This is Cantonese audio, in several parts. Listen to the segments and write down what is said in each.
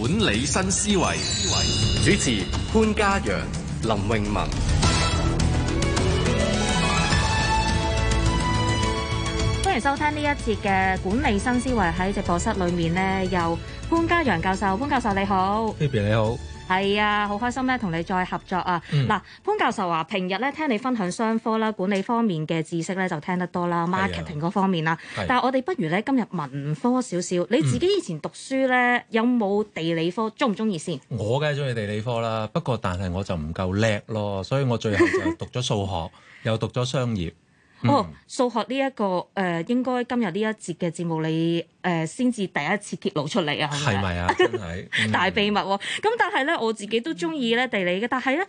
管理新思維，主持潘嘉陽、林詠雯。歡迎收聽呢一節嘅管理新思維。喺直播室裏面咧，由潘嘉陽教授，潘教授你好，Hey，你好。係啊，好開心咧、啊，同你再合作啊！嗱、嗯，潘教授話、啊、平日咧聽你分享商科啦、管理方面嘅知識咧就聽得多啦，marketing 嗰、啊、方面啦、啊。啊、但係我哋不如咧今日文科少少。你自己以前讀書咧、嗯、有冇地理科中唔中意先？我梗係中意地理科啦，不過但係我就唔夠叻咯，所以我最後就讀咗數學， 又讀咗商業。哦，數學呢、這、一個誒、呃，應該今日呢一節嘅節目你，你誒先至第一次揭露出嚟啊，係咪啊？ 真係大秘密喎、哦！咁、嗯、但係咧，我自己都鍾意咧地理嘅，但係咧。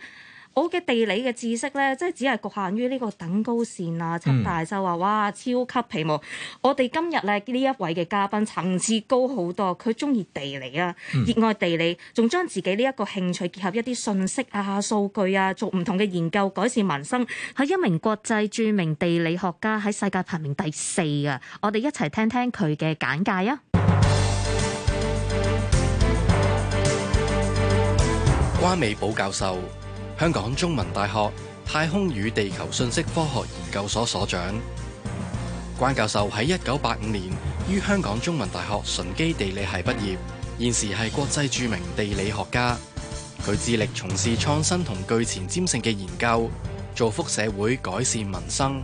我嘅地理嘅知識呢，即係只係局限於呢個等高線啊、七大洲啊，嗯、哇，超級皮毛！我哋今日咧呢一位嘅嘉賓層次高好多，佢中意地理啊，嗯、熱愛地理，仲將自己呢一個興趣結合一啲信息啊、數據啊，做唔同嘅研究改善民生，係一名國際著名地理學家，喺世界排名第四啊。我哋一齊聽聽佢嘅簡介啊！關美寶教授。香港中文大學太空與地球信息科學研究所所長關教授喺一九八五年於香港中文大學純基地理系畢業，現時係國際著名地理學家。佢致力從事創新同具前瞻性嘅研究，造福社會改善民生。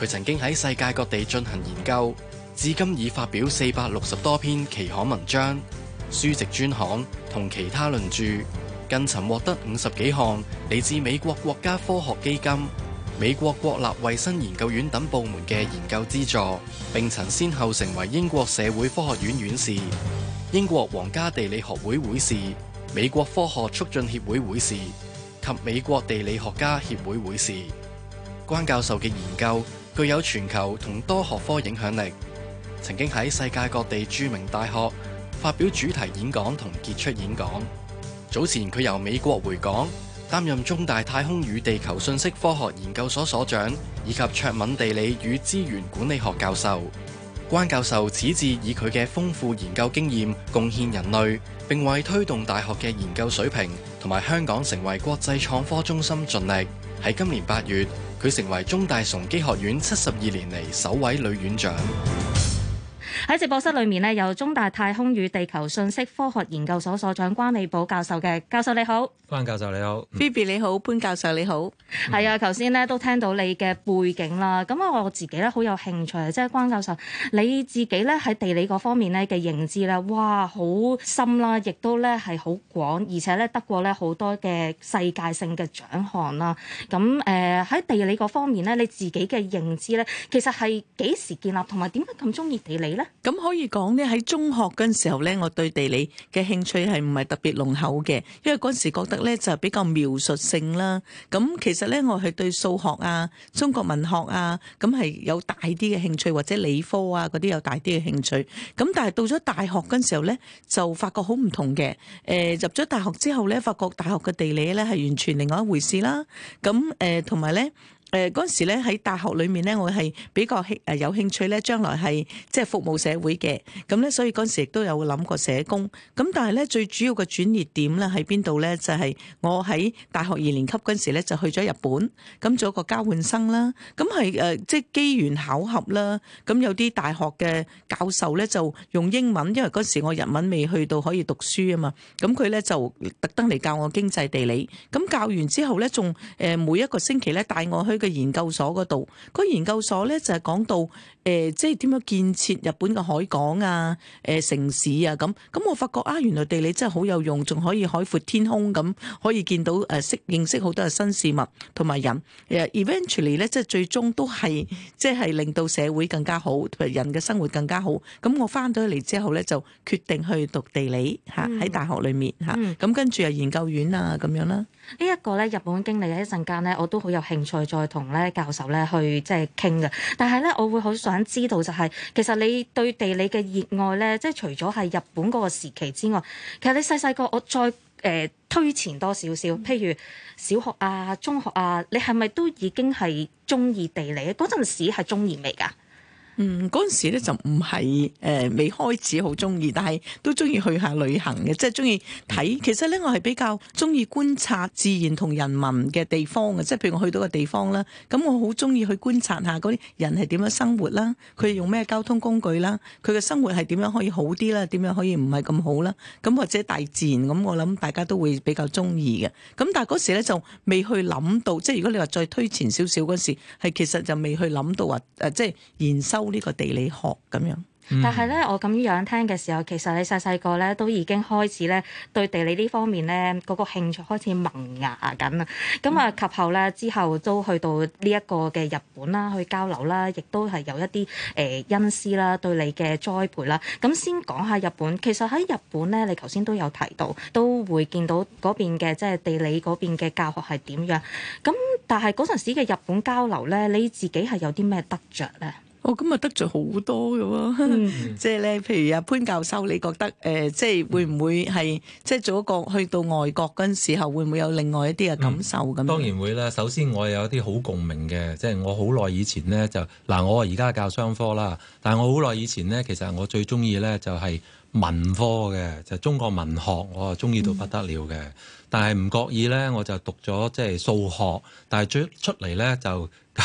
佢曾經喺世界各地進行研究，至今已發表四百六十多篇期刊文章、書籍專刊同其他論著。近曾獲得五十幾項嚟自美國國家科學基金、美國國立衛生研究院等部門嘅研究資助，並曾先後成為英國社會科學院院士、英國皇家地理學會會士、美國科學促進協會會士及美國地理學家協會會士。關教授嘅研究具有全球同多學科影響力，曾經喺世界各地著名大學發表主題演講同傑出演講。早前佢由美國回港，擔任中大太空與地球信息科學研究所所長以及卓敏地理與資源管理學教授。關教授矢志以佢嘅豐富研究經驗，貢獻人類，並為推動大學嘅研究水平同埋香港成為國際創科中心盡力。喺今年八月，佢成為中大崇基學院七十二年嚟首位女院長。喺直播室裏面咧，有中大太空與地球信息科學研究所所長關美寶教授嘅。教授你好，關教授你好，Phoebe 你好，潘教授你好。係啊、嗯，頭先咧都聽到你嘅背景啦。咁啊，我自己咧好有興趣，即係關教授你自己咧喺地理嗰方面咧嘅認知啦，哇，好深啦，亦都咧係好廣，而且咧得過咧好多嘅世界性嘅獎項啦。咁誒喺地理嗰方面咧，你自己嘅認知咧、呃，其實係幾時建立，同埋點解咁中意地理咧？咁可以講呢，喺中學嗰陣時候呢，我對地理嘅興趣係唔係特別濃厚嘅，因為嗰陣時覺得呢就比較描述性啦。咁其實呢，我係對數學啊、中國文學啊，咁係有大啲嘅興趣，或者理科啊嗰啲有大啲嘅興趣。咁但係到咗大學嗰陣時候呢，就發覺好唔同嘅。誒、呃、入咗大學之後呢，發覺大學嘅地理呢係完全另外一回事啦。咁誒同埋呢。誒嗰陣時咧，喺大學裏面咧，我係比較興誒有興趣咧，將來係即係服務社會嘅。咁咧，所以嗰陣時亦都有諗過社工。咁但係咧，最主要嘅轉捩點咧喺邊度咧？就係我喺大學二年級嗰陣時咧，就去咗日本，咁做一個交換生啦。咁係誒，即係機緣巧合啦。咁有啲大學嘅教授咧，就用英文，因為嗰時我日文未去到可以讀書啊嘛。咁佢咧就特登嚟教我經濟地理。咁教完之後咧，仲誒每一個星期咧帶我去嘅研究所嗰度，個研究所咧就係、是、講到。誒、呃，即係點樣建設日本嘅海港啊，誒、呃，城市啊，咁咁我發覺啊，原來地理真係好有用，仲可以海闊天空咁，可以見到誒，識、啊、認識好多嘅新事物同埋人。誒、啊、eventually 咧，即係最終都係，即係令到社會更加好，同埋人嘅生活更加好。咁我翻到嚟之後咧，就決定去讀地理嚇，喺、嗯、大學裏面嚇。咁、啊、跟住又研究院啊，咁樣啦。呢、嗯嗯、一個咧日本經歷啊，一陣間咧我都好有興趣再同咧教授咧去即係傾嘅。但係咧，我會好想。反知道就係，是，其實你對地理嘅熱愛咧，即係除咗係日本嗰個時期之外，其實你細細個我再誒、呃、推前多少少，譬如小學啊、中學啊，你係咪都已經係中意地理？嗰陣時係中意未㗎？嗯，嗰陣時咧就唔係誒未開始好中意，但係都中意去下旅行嘅，即係中意睇。其實咧我係比較中意觀察自然同人民嘅地方嘅，即係譬如我去到個地方啦，咁我好中意去觀察下嗰啲人係點樣生活啦，佢用咩交通工具啦，佢嘅生活係點樣可以好啲啦，點樣可以唔係咁好啦。咁或者大自然咁，我諗大家都會比較中意嘅。咁但係嗰時咧就未去諗到，即係如果你話再推前少少嗰時，係其實就未去諗到話誒，即係研修。就是呢個地理學咁樣，嗯、但係咧，我咁樣聽嘅時候，其實你細細個咧都已經開始咧對地理呢方面咧嗰個興趣開始萌芽緊啦。咁啊，及後咧之後都去到呢一個嘅日本啦，去交流啦，亦都係有一啲誒恩師啦，呃、對你嘅栽培啦。咁先講下日本，其實喺日本咧，你頭先都有提到，都會見到嗰邊嘅即係地理嗰邊嘅教學係點樣。咁但係嗰陣時嘅日本交流咧，你自己係有啲咩得着咧？哦，咁啊得罪好多嘅喎，即係咧，譬如阿、啊、潘教授，你覺得誒、呃，即係會唔會係即係做一個去到外國嗰時候，會唔會有另外一啲嘅感受咁、嗯？當然會啦。首先我有一啲好共鳴嘅，即、就、係、是、我好耐以前咧就嗱，我而家教商科啦，但係我好耐以前咧，其實我最中意咧就係、是、文科嘅，就是、中國文學，我啊中意到不得了嘅。嗯、但係唔覺意咧，我就讀咗即係數學，但係最出嚟咧就。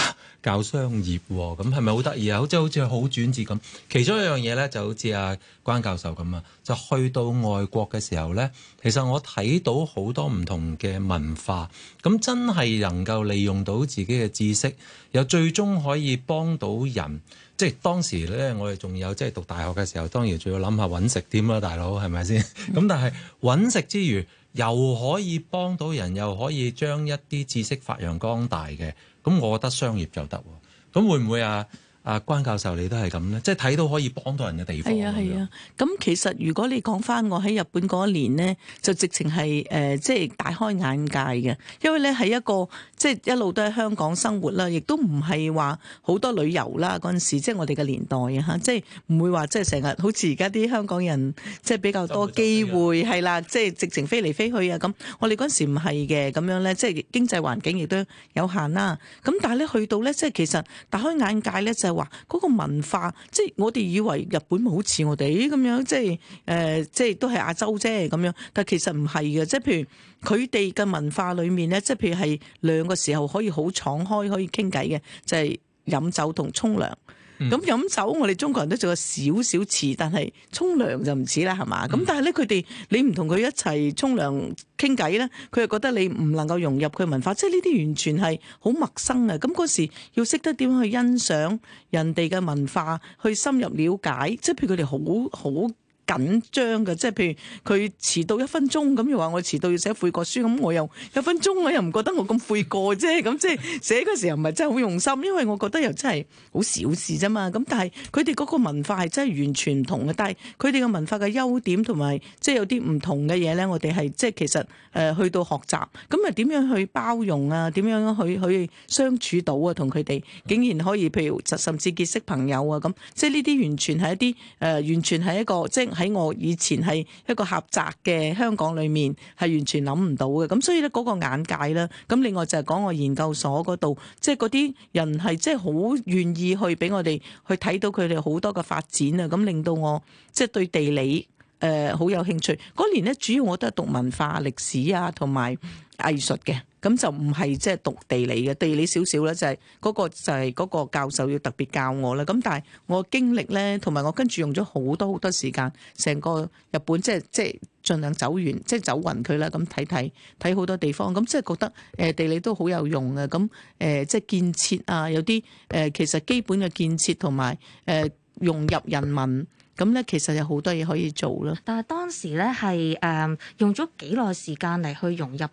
搞商業喎，咁係咪好得意啊？好似好似好轉折咁。其中一樣嘢呢，就好似阿關教授咁啊，就去到外國嘅時候呢，其實我睇到好多唔同嘅文化，咁真係能夠利用到自己嘅知識，又最終可以幫到人。即係當時呢，我哋仲有即係讀大學嘅時候，當然仲要諗下揾食點啦，大佬係咪先？咁 但係揾食之餘，又可以幫到人，又可以將一啲知識發揚光大嘅。咁我覺得商業就得喎，咁會唔會啊啊關教授你都係咁咧？即係睇到可以幫到人嘅地方。係啊係啊，咁其實如果你講翻我喺日本嗰一年咧，就直情係誒，即係大開眼界嘅，因為咧係一個。即係一路都喺香港生活啦，亦都唔係話好多旅遊啦嗰陣時、就是，即係我哋嘅年代啊嚇，即係唔會話即係成日好似而家啲香港人即係比較多機會係啦，即係直情飛嚟飛去啊咁。我哋嗰陣時唔係嘅咁樣咧，即係經濟環境亦都有限啦。咁但係咧去到咧，即係其實打開眼界咧，就係話嗰個文化，即係我哋以為日本好似我哋咁樣，即係誒、呃，即係都係亞洲啫咁樣，但其實唔係嘅，即係譬如。佢哋嘅文化裏面咧，即係譬如係兩個時候可以好敞開可以傾偈嘅，就係、是、飲酒同沖涼。咁、嗯、飲酒我哋中國人都仲有少少似，但係沖涼就唔似啦，係嘛？咁、嗯、但係咧，佢哋你唔同佢一齊沖涼傾偈咧，佢又覺得你唔能夠融入佢文化，即係呢啲完全係好陌生啊！咁嗰時要識得點樣去欣賞人哋嘅文化，去深入了解，即係譬如佢哋好好。緊張嘅，即係譬如佢遲到一分鐘，咁又話我遲到要寫悔過書，咁我又一分鐘，我又唔覺得我咁悔過啫，咁即係寫嗰時候，唔係真係好用心，因為我覺得又真係好小事啫嘛。咁但係佢哋嗰個文化係真係完全唔同嘅，但係佢哋嘅文化嘅優點同埋即係有啲唔同嘅嘢咧，我哋係即係其實誒、呃、去到學習，咁啊點樣去包容啊？點樣去去相處到啊？同佢哋竟然可以譬如甚至結識朋友啊咁，即係呢啲完全係一啲誒、呃，完全係一個即喺我以前係一個狹窄嘅香港裏面，係完全諗唔到嘅。咁所以咧嗰、嗰個眼界啦。咁另外就係講我研究所嗰度，即係嗰啲人係即係好願意去俾我哋去睇到佢哋好多嘅發展啊。咁令到我即係、即係、對地理誒好、呃、有興趣。嗰年咧主要我都係讀文化歷史啊，同埋。藝術嘅，咁就唔係即係讀地理嘅，地理少少咧，就係嗰個就係嗰個教授要特別教我啦。咁但係我經歷咧，同埋我跟住用咗好多好多時間，成個日本即係即係儘量走完，即係走勻佢啦。咁睇睇睇好多地方，咁即係覺得誒地理都好有用呀。咁誒即係建設啊，有啲誒其實基本嘅建設同埋誒融入人民，咁咧其實有好多嘢可以做囉。但係當時咧係誒用咗幾耐時間嚟去融入。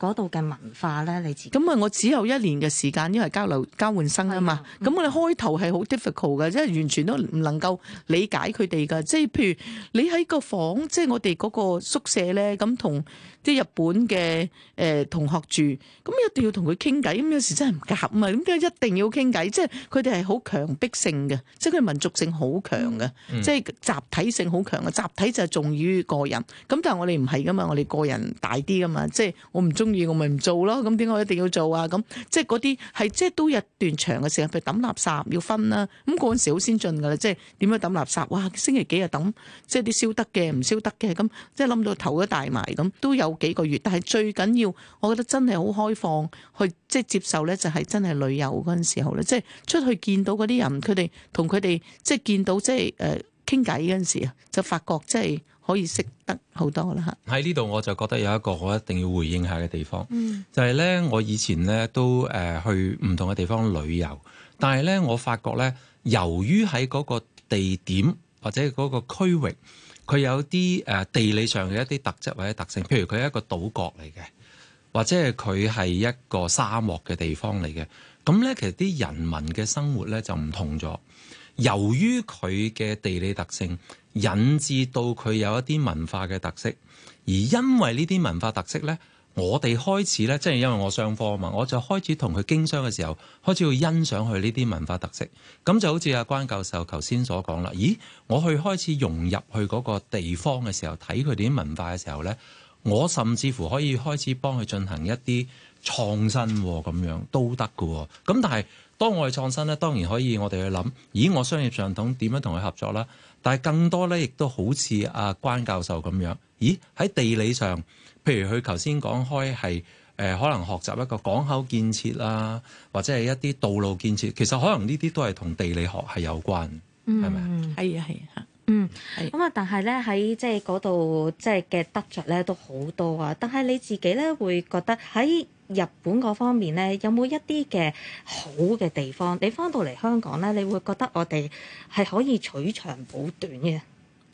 嗰度嘅文化咧，你自己咁啊！我只有一年嘅時間，因為交流交換生啊嘛。咁我哋開頭係好 difficult 嘅，即係完全都唔能夠理解佢哋嘅。即係譬如你喺個房，即係我哋嗰個宿舍咧，咁同啲日本嘅誒、呃、同學住，咁一定要同佢傾偈，咁有時真係唔夾啊嘛，點解一定要傾偈？即係佢哋係好強迫性嘅，即係佢民族性好強嘅，嗯、即係集體性好強嘅，集體就係重於個人。咁但係我哋唔係噶嘛，我哋個人大啲噶嘛，即係我唔中意我咪唔做咯，咁點解一定要做啊？咁即係嗰啲係即係都有一段長嘅時間，譬如抌垃圾要分啦。咁嗰陣時好先進噶啦，即係點樣抌垃圾？哇，星期幾就抌？即係啲燒得嘅，唔燒得嘅咁，即係冧到頭都大埋咁，都有。幾個月，但係最緊要，我覺得真係好開放，去即係接受呢，就係真係旅遊嗰陣時候呢，即係出去見到嗰啲人，佢哋同佢哋即係見到即係誒傾偈嗰陣時啊，就發覺即係可以識得好多啦吓。喺呢度我就覺得有一個我一定要回應下嘅地方，嗯、就係呢。我以前呢，都誒去唔同嘅地方旅遊，但係呢，我發覺呢，由於喺嗰個地點或者嗰個區域。佢有啲誒、呃、地理上嘅一啲特質或者特性，譬如佢係一個島國嚟嘅，或者係佢係一個沙漠嘅地方嚟嘅。咁咧，其實啲人民嘅生活咧就唔同咗。由於佢嘅地理特性，引致到佢有一啲文化嘅特色，而因為呢啲文化特色咧。我哋開始呢，即係因為我商科啊嘛，我就開始同佢經商嘅時候，開始去欣賞佢呢啲文化特色。咁就好似阿關教授頭先所講啦。咦，我去開始融入去嗰個地方嘅時候，睇佢哋啲文化嘅時候呢，我甚至乎可以開始幫佢進行一啲創新咁樣都得嘅。咁但係當我哋創新呢，當然可以我哋去諗，咦，我商業上統點樣同佢合作啦？但係更多呢，亦都好似阿關教授咁樣，咦，喺地理上。譬如佢頭先講開係誒，可能學習一個港口建設啦，或者係一啲道路建設，其實可能呢啲都係同地理學係有關，係咪啊？係啊，係啊，嗯，咁啊吧、嗯，但係咧喺即係嗰度即係嘅得着咧都好多啊！但係你自己咧會覺得喺日本嗰方面咧有冇一啲嘅好嘅地方？你翻到嚟香港咧，你會覺得我哋係可以取長補短嘅。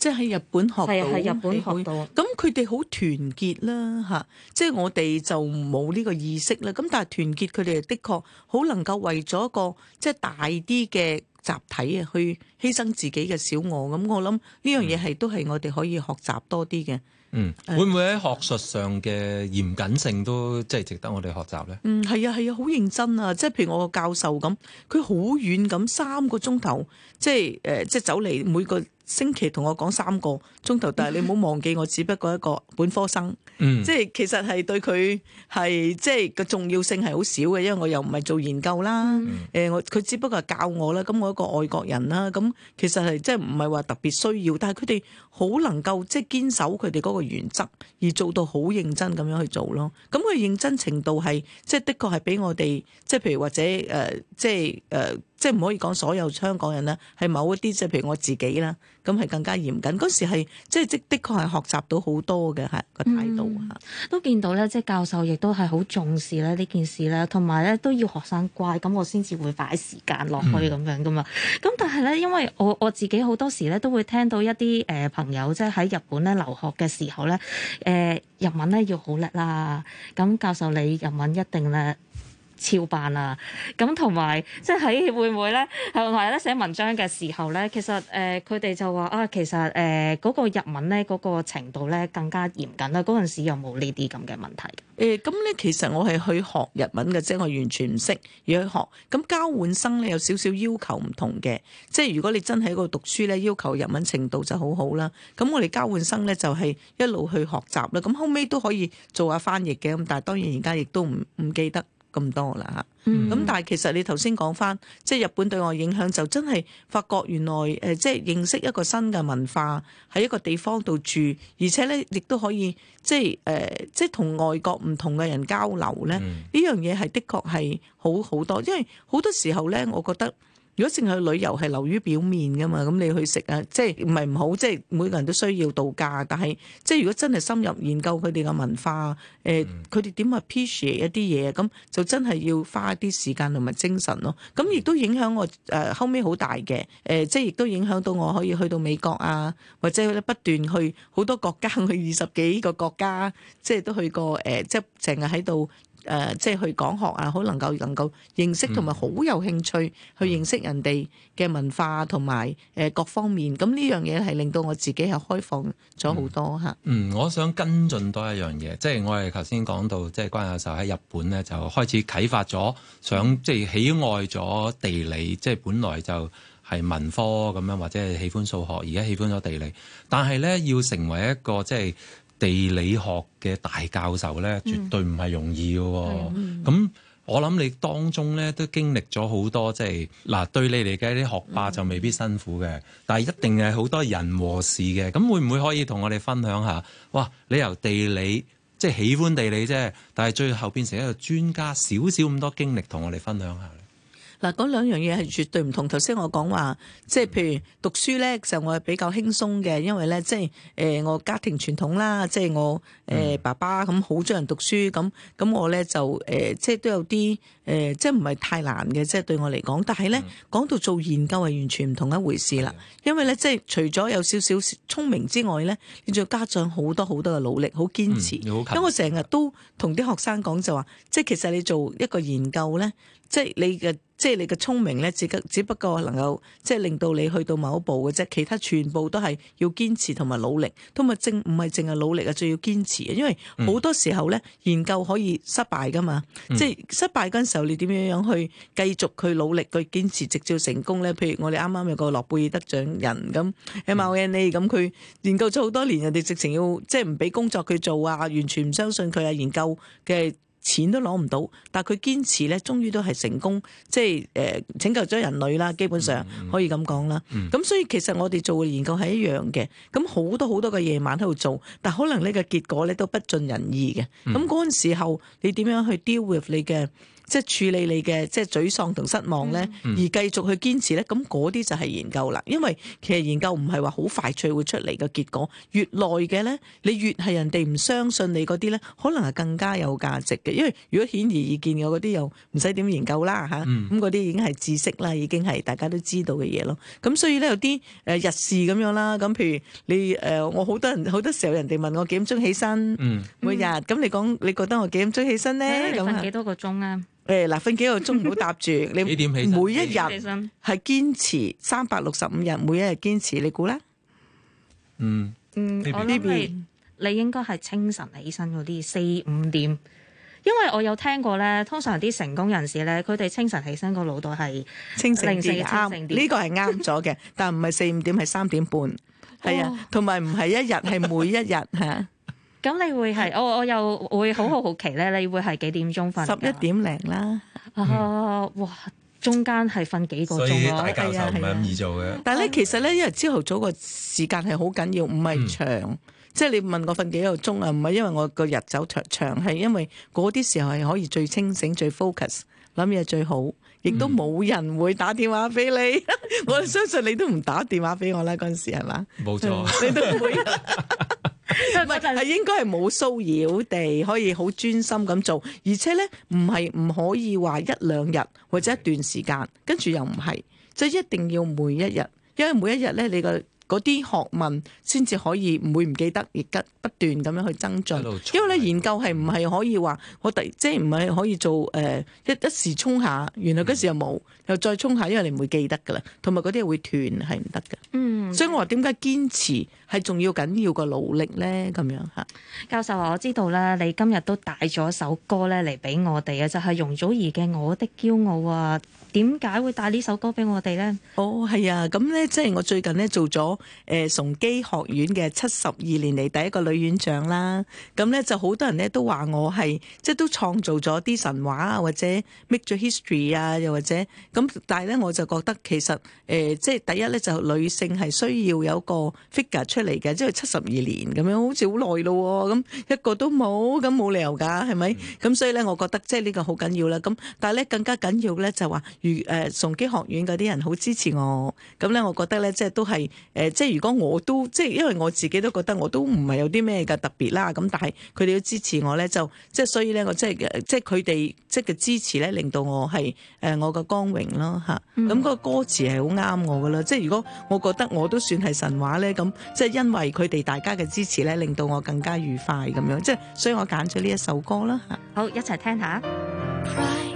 即係喺日本學到，咁佢哋好團結啦，吓、啊！即係我哋就冇呢個意識啦。咁但係團結，佢哋又的確好能夠為咗一個即係大啲嘅集體啊，去犧牲自己嘅小、嗯嗯、我。咁我諗呢樣嘢係都係我哋可以學習多啲嘅。嗯，會唔會喺學術上嘅嚴謹性都即係值得我哋學習咧？嗯，係啊，係啊，好認真啊！即係譬如我個教授咁，佢好遠咁三個鐘頭，即係誒、呃，即係走嚟每個。星期同我講三個鐘頭，但係你唔好忘記我， 我只不過一個本科生，嗯、即係其實係對佢係即係個重要性係好少嘅，因為我又唔係做研究啦。誒、嗯，我佢、呃、只不過係教我啦。咁我一個外國人啦，咁其實係即係唔係話特別需要，但係佢哋好能夠即係堅守佢哋嗰個原則，而做到好認真咁樣去做咯。咁佢認真程度係即係的確係比我哋即係譬如或者誒、呃、即係誒。呃即係唔可以講所有香港人啦，係某一啲即係譬如我自己啦，咁係更加嚴謹。嗰時係即係即的確係學習到好多嘅，係個態度。嗯、都見到咧，即係教授亦都係好重視咧呢件事咧，同埋咧都要學生乖，咁我先至會擺時間落去咁、嗯、樣噶嘛。咁但係咧，因為我我自己好多時咧都會聽到一啲誒、呃、朋友即係喺日本咧留學嘅時候咧，誒、呃、日文咧要好叻啦。咁教授你日文一定叻。超辦啊！咁同埋即係喺會唔會咧？同埋咧寫文章嘅時候咧，其實誒佢哋就話啊，其實誒嗰、呃嗰個日文咧嗰、嗰個程度咧更加嚴謹啦。嗰陣時有冇呢啲咁嘅問題？誒咁咧，其實我係去學日文嘅啫，我完全唔識而去學。咁交換生咧有少少要求唔同嘅，即係如果你真係喺嗰度讀書咧，要求日文程度就好好啦。咁我哋交換生咧就係、是、一路去學習啦。咁後尾都可以做下翻譯嘅咁，但係當然而家亦都唔唔記得。咁多啦嚇，咁、嗯、但係其實你頭先講翻，即係日本對我影響就真係發覺原來誒，即係認識一個新嘅文化喺一個地方度住，而且咧亦都可以即係誒，即係同外國唔同嘅人交流咧，呢、嗯、樣嘢係的確係好好多，因為好多時候咧，我覺得。如果淨係旅遊係流於表面噶嘛，咁你去食啊，即係唔係唔好？即係每個人都需要度假，但係即係如果真係深入研究佢哋嘅文化，誒、呃，佢哋點啊 appreciate 一啲嘢，咁就真係要花一啲時間同埋精神咯。咁亦都影響我誒、呃、後尾好大嘅，誒、呃，即係亦都影響到我可以去到美國啊，或者咧不斷去好多國家去二十幾個國家，即係都去過誒、呃，即係成日喺度。誒、呃，即係去講學啊，好能夠能夠認識同埋好有興趣去認識人哋嘅文化同埋誒各方面。咁呢樣嘢係令到我自己係開放咗好多嚇、嗯。嗯，我想跟進多一樣嘢，即係我哋頭先講到，即係關教授喺日本咧就開始啟發咗，想即係喜愛咗地理，即係本來就係文科咁樣，或者係喜歡數學，而家喜歡咗地理，但係咧要成為一個即係。地理學嘅大教授呢，絕對唔係容易嘅、哦。咁、嗯、我諗你當中呢，都經歷咗好多，即係嗱，對你嚟講啲學霸就未必辛苦嘅，嗯、但係一定係好多人和事嘅。咁會唔會可以同我哋分享下？哇！你由地理即係喜歡地理啫，但係最後變成一個專家，少少咁多經歷，同我哋分享下呢。嗱，嗰兩樣嘢係絕對唔同。頭先我講話，即係譬如讀書咧，就我係比較輕鬆嘅，因為咧，即係誒、呃、我家庭傳統啦，即係我誒、呃嗯、爸爸咁好鍾意讀書，咁咁我咧就誒、呃、即係都有啲誒、呃，即係唔係太難嘅，即係對我嚟講。但係咧，講、嗯、到做研究係完全唔同一回事啦。嗯、因為咧，即係除咗有少少聰明之外咧，你仲要加上好多好多嘅努力，好堅持。嗯、因為我成日都同啲學生講就話，即係其實你做一個研究咧。即係你嘅，即係你嘅聰明咧，只得只不過能夠即係令到你去到某一步嘅啫，其他全部都係要堅持同埋努力，同埋正唔係淨係努力啊，仲要堅持啊，因為好多時候咧、嗯、研究可以失敗噶嘛，嗯、即係失敗嗰陣時候，你點樣樣去繼續去努力去堅持，直至成功咧？譬如我哋啱啱有個諾貝爾得獎人咁，M O N A 咁，佢研究咗好多年，人哋直情要即係唔俾工作佢做啊，完全唔相信佢啊研究嘅。錢都攞唔到，但係佢堅持咧，終於都係成功，即係誒、呃、拯救咗人類啦。基本上、嗯、可以咁講啦。咁、嗯、所以其實我哋做嘅研究係一樣嘅，咁好多好多嘅夜晚喺度做，但可能呢個結果咧都不盡人意嘅。咁嗰陣時候你點樣去 deal with 你嘅？即係處理你嘅即係沮喪同失望咧，嗯、而繼續去堅持咧，咁嗰啲就係研究啦。因為其實研究唔係話好快脆會出嚟嘅結果，越耐嘅咧，你越係人哋唔相信你嗰啲咧，可能係更加有價值嘅。因為如果顯而易見嘅嗰啲又唔使點研究啦吓，咁嗰啲已經係知識啦，已經係大家都知道嘅嘢咯。咁所以咧有啲誒日事咁樣啦，咁譬如你誒我好多人好多時候人哋問我幾點鐘起身，嗯、每日咁你講你覺得我幾點鐘起身咧？瞓幾、嗯嗯、多個鐘啊？誒，嗱，分幾個鐘唔好搭住你，幾點起？每一日係堅持三百六十五日，每一日堅持，你估啦？嗯，嗯，我呢邊你， 你應該係清晨起身嗰啲，四五點，因為我有聽過咧，通常啲成功人士咧，佢哋清晨起身個腦袋係清醒啲啱，呢個係啱咗嘅，但唔係四五點，係三點半，係啊，同埋唔係一日係每一日吓。咁你會係我、嗯、我又會好好好奇咧，嗯、你會係幾點鐘瞓？十一點零啦。嗯、哇！中間係瞓幾個鐘啊？所以大教授唔係咁易做嘅。啊啊、但係咧，其實咧，因為朝頭早個時間係好緊要，唔係長。即係、嗯、你問我瞓幾個鐘啊？唔係因為我個日走長長，係因為嗰啲時候係可以最清醒、最 focus 諗嘢最好，亦都冇人會打電話俾你。 我相信你都唔打電話俾我啦。嗰陣時係嘛？冇錯，你都唔會。唔係，係應該係冇騷擾地可以好專心咁做。而且呢，唔係唔可以話一兩日或者一段時間，跟住 Okay. 又唔係，即係一定要每一日，因為每一日呢，你個嗰啲學問先至可以唔會唔記得，亦不斷咁樣去增進。因為呢，研究係唔係可以話我哋，即係唔係可以做誒一、呃、一時衝一下，原來嗰時又冇。嗯又再衝下，因為你唔會記得噶啦，同埋嗰啲會斷係唔得嘅。嗯，所以我話點解堅持係重要緊要個努力呢？咁樣嚇。教授話、啊：我知道啦，你今日都帶咗首歌咧嚟俾我哋啊，就係、是、容祖兒嘅《我的驕傲》啊。點解會帶呢首歌俾我哋呢？哦，係啊，咁、嗯、呢，即係我最近呢，做咗誒崇基學院嘅七十二年嚟第一個女院長啦。咁、嗯、呢、嗯，就好多人呢都話我係即係都創造咗啲神話啊，或者 make 咗 history 啊，又或者咁、嗯。但係呢，我就覺得其實誒、呃、即係第一呢，就女性係需要有個 figure 出嚟嘅，即係七十二年咁樣、嗯、好似好耐咯咁一個都冇咁冇理由㗎係咪？咁、嗯嗯、所以呢，我覺得即係呢個好緊要啦。咁、嗯、但係呢，更加緊要呢，就話、是。如、呃、崇基學院嗰啲人好支持我，咁咧我覺得咧即係都係誒，即係、呃、如果我都即係因為我自己都覺得我都唔係有啲咩嘅特別啦，咁但係佢哋都支持我咧，就即係所以咧我即係即係佢哋即係嘅支持咧，令到我係誒、呃、我嘅光榮咯嚇。咁、嗯、嗰、嗯嗯嗰個歌詞係好啱我噶啦，即係如果我覺得我都算係神話咧，咁即係因為佢哋大家嘅支持咧，令到我更加愉快咁樣，即係所以我揀咗呢一首歌啦嚇。好，一齊聽，聽一下。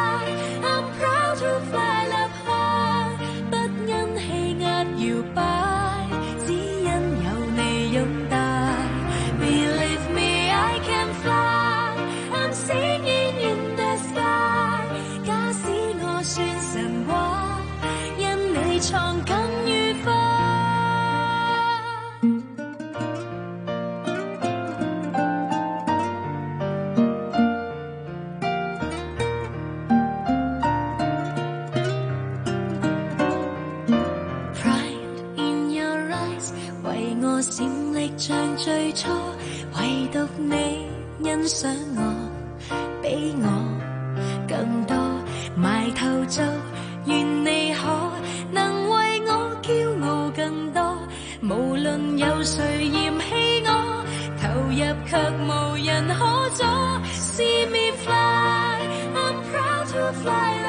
想我，畀我更多，埋頭做，願你可能為我驕傲更多。無論有誰嫌棄我，投入卻無人可阻。See me fly，I'm proud to fly,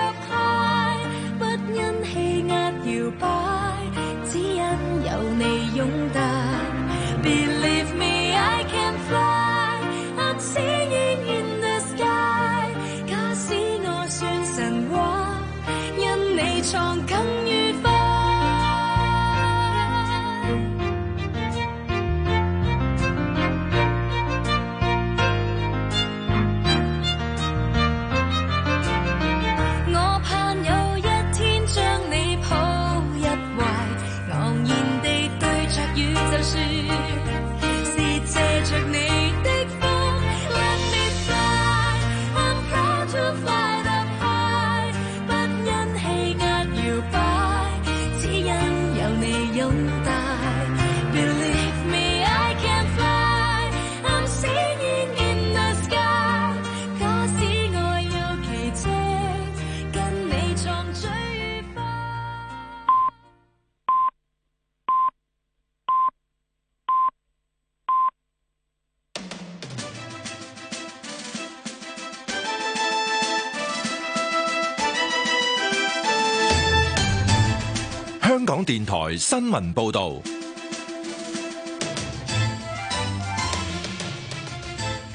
新聞報道。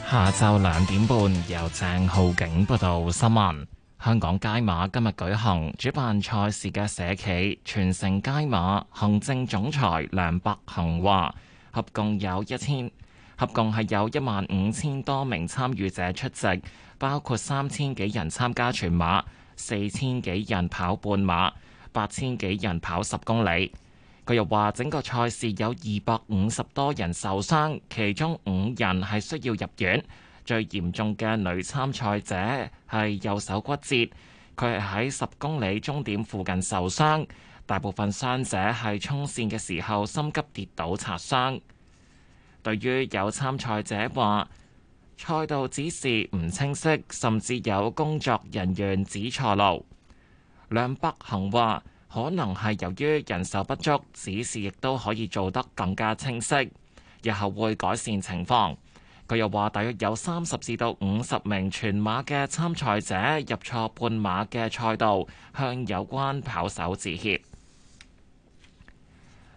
下晝兩點半由鄭浩景報道新聞。香港街馬今日舉行，主辦賽事嘅社企全城街馬行政總裁梁伯恒話，合共有一千合共係有一萬五千多名參與者出席，包括三千幾人參加全馬，四千幾人跑半馬，八千幾人跑十公里。佢又話：整個賽事有二百五十多人受傷，其中五人係需要入院。最嚴重嘅女參賽者係右手骨折，佢係喺十公里終點附近受傷。大部分傷者係衝線嘅時候心急跌倒擦傷。對於有參賽者話：賽道指示唔清晰，甚至有工作人員指錯路。梁北恒話：可能係由於人手不足，指示亦都可以做得更加清晰，日後會改善情況。佢又話，大約有三十至到五十名全馬嘅參賽者入錯半馬嘅賽道，向有關跑手致歉。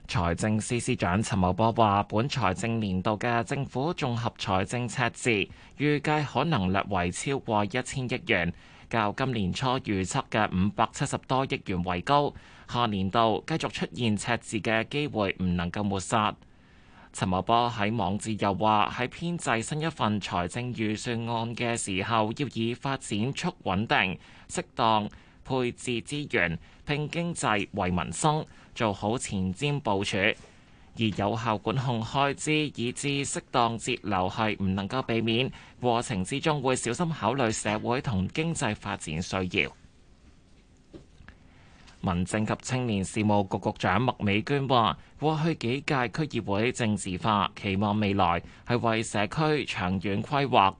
財政司司長陳茂波話，本財政年度嘅政府綜合財政赤字預計可能略為超過一千億元。較今年初預測嘅五百七十多億元為高，下年度繼續出現赤字嘅機會唔能夠抹殺。陳茂波喺網誌又話：喺編製新一份財政預算案嘅時候，要以發展促穩定，適當配置資源，拼經濟為民生，做好前瞻部署。而有效管控開支，以至適當節流，係唔能夠避免。過程之中會小心考慮社會同經濟發展需要。民政及青年事務局局長麥美娟話，過去幾屆區議會政治化，期望未來係為社區長遠規劃，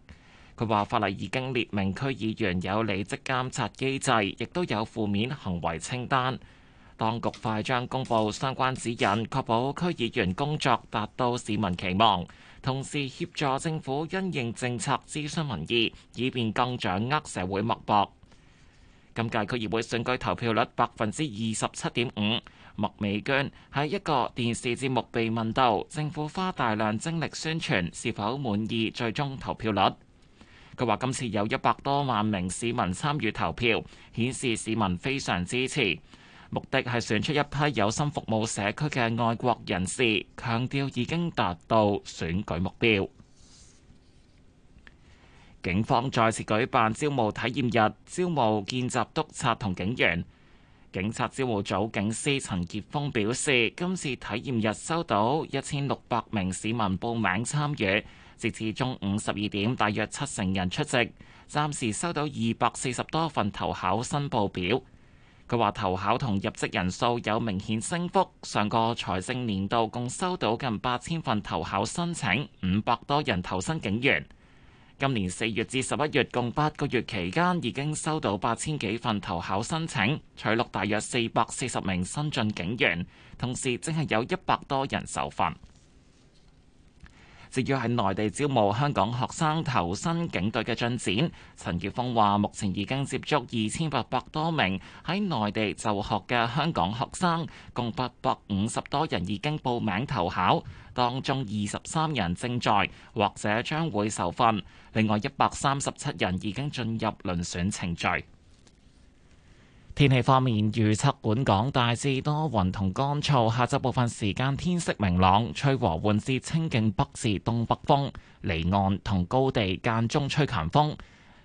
佢話法例已經列明區議員有履職監察機制，亦都有負面行為清單。當局快將公布相關指引，確保區議員工作達到市民期望，同時協助政府因應政策諮詢民意，以便更掌握社會脈搏。今屆區議會選舉投票率百分之二十七點五。麥美娟喺一個電視節目被問到政府花大量精力宣傳，是否滿意最終投票率，佢話今次有一百多萬名市民參與投票，顯示市民非常支持。目的係選出一批有心服務社區嘅愛國人士，強調已經達到選舉目標。警方再次舉辦招募體驗日，招募見習督察同警員。警察招募組警司陳傑峰表示，今次體驗日收到一千六百名市民報名參與，截至中午十二點，大約七成人出席，暫時收到二百四十多份投考申報表。佢話：投考同入職人數有明顯升幅，上個財政年度共收到近八千份投考申請，五百多人投身警員。今年四月至十一月共八個月期間，已經收到八千幾份投考申請，取錄大約四百四十名新進警員，同時淨係有一百多人受訓。至於喺內地招募香港學生投身警隊嘅進展，陳潔峰話：目前已經接觸二千八百多名喺內地就學嘅香港學生，共八百五十多人已經報名投考，當中二十三人正在或者將會受訓，另外一百三十七人已經進入輪選程序。天氣方面，預測本港大致多雲同乾燥，下晝部分時間天色明朗，吹和緩至清勁北至東北風，離岸同高地間中吹強風。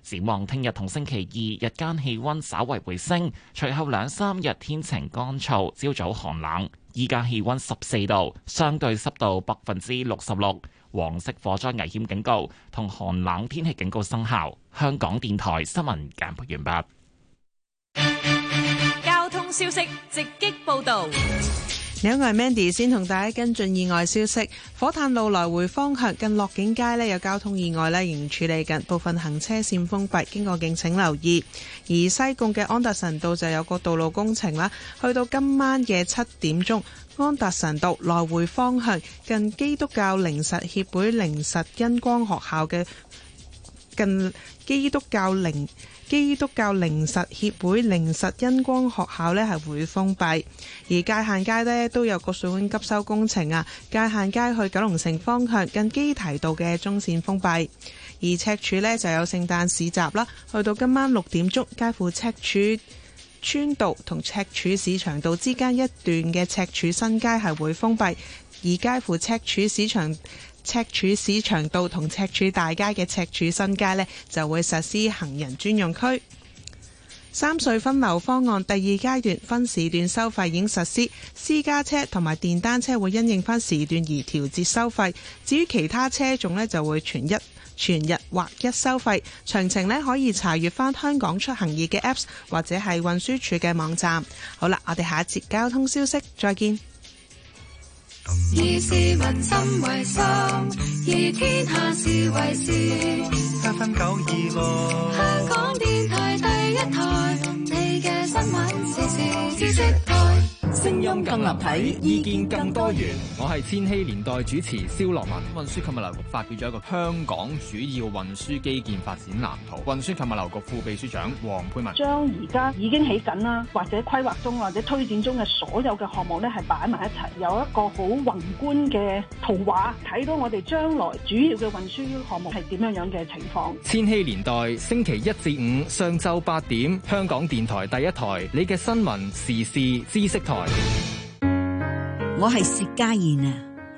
展望聽日同星期二日間氣溫稍為回升，隨後兩三日天晴乾燥，朝早寒冷。依家氣溫十四度，相對濕度百分之六十六，黃色火災危險警告同寒冷天氣警告生效。香港電台新聞簡報完畢。消息直擊報道，你好，我係 Mandy，先同大家跟進意外消息。火炭路來回方向近樂景街咧有交通意外咧，仍然處理緊，部分行車線封閉，經過敬請留意。而西貢嘅安達臣道就有個道路工程啦，去到今晚嘅七點鐘，安達臣道來回方向近基督教靈實協會靈實恩光學校嘅，近基督教靈。基督教靈實協會靈實恩光學校呢係會封閉，而界限街呢都有個水管急修工程啊。界限街去九龍城方向近基提道嘅中線封閉，而赤柱呢就有聖誕市集啦。去到今晚六點鐘，介乎赤柱村道同赤柱市場道之間一段嘅赤柱新街係會封閉，而介乎赤柱市場。赤柱市場道同赤柱大街嘅赤柱新街呢，就會實施行人專用區。三隧分流方案第二階段分時段收費已經實施，私家車同埋電單車會因應翻時段而調節收費。至於其他車種呢，就會全一全日或一收費。詳情呢，可以查閲翻香港出行易嘅 Apps 或者係運輸署嘅網站。好啦，我哋下一節交通消息，再見。以市民心為心，以天下事為事。七分九二香港電台第一台， 你嘅新聞時事知識台。聲音更立體，意見更多元。我係千禧年代主持蕭洛汶，運輸及物流局發表咗一個香港主要運輸基建發展藍圖。運輸及物流局副秘書長黃佩文將而家已經起緊啦，或者規劃中或者推薦中嘅所有嘅項目咧，係擺埋一齊，有一個好宏觀嘅圖畫，睇到我哋將來主要嘅運輸項目係點樣樣嘅情況。千禧年代星期一至五上晝八點，香港電台第一台，你嘅新聞時事知識台。我係薛家燕啊！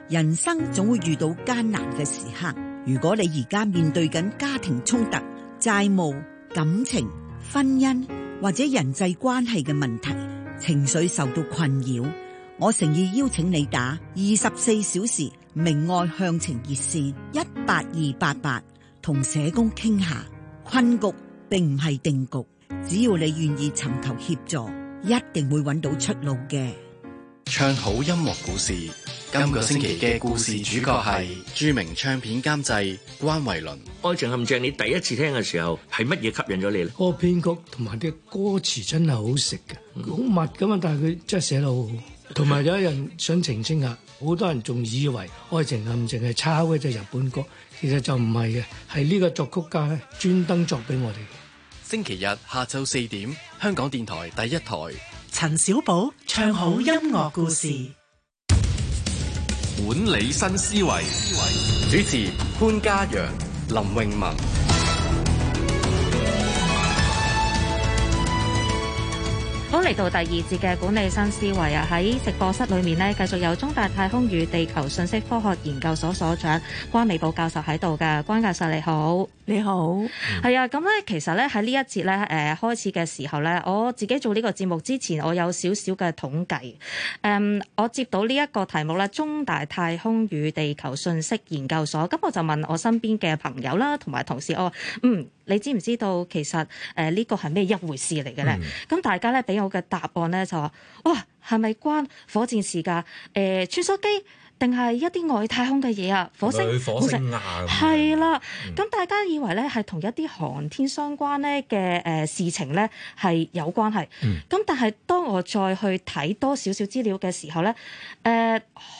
人生總會遇到艱難嘅時刻。如果你而家面對緊家庭衝突、債務、感情、婚姻或者人際關係嘅問題，情緒受到困擾，我誠意邀請你打二十四小時明愛向晴熱線一八二八八，同社工傾下。困局並唔係定局，只要你願意尋求協助。一定會搵到出路嘅。唱好音樂故事，今個星期嘅故事主角係著名唱片監製關維倫。愛情陷阱你第一次聽嘅時候係乜嘢吸引咗你咧？個編曲同埋啲歌詞真係好食嘅，好密㗎嘛？但係佢真係寫到好好。同埋有一樣想澄清下，好 多人仲以為愛情陷阱係抄嗰隻日本歌，其實就唔係嘅，係呢個作曲家咧專登作俾我哋。星期日下晝四點，香港電台第一台，陳小寶唱好音樂故事。管理新思維，思維主持潘嘉陽、林詠雯。好嚟到第二節嘅管理新思維啊！喺直播室裏面呢，繼續有中大太空與地球信息科學研究所所長關美寶教授喺度嘅。關教授你好，你好，係啊好！咁咧其實咧喺呢一節咧誒開始嘅時候咧，我自己做呢個節目之前，我有少少嘅統計誒、嗯，我接到呢一個題目啦，中大太空與地球信息研究所，咁我就問我身邊嘅朋友啦，同埋同事哦，嗯。你知唔知道其實誒呢、呃這個係咩一回事嚟嘅咧？咁、嗯、大家咧俾我嘅答案咧就話：哇，係咪關火箭事噶？誒、呃，穿梭機定係一啲外太空嘅嘢啊？火星、火星啊！係啦，咁大家以為咧係同一啲航天相關咧嘅誒事情咧係有關係。咁、嗯、但係當我再去睇多少少資料嘅時候咧，誒、呃、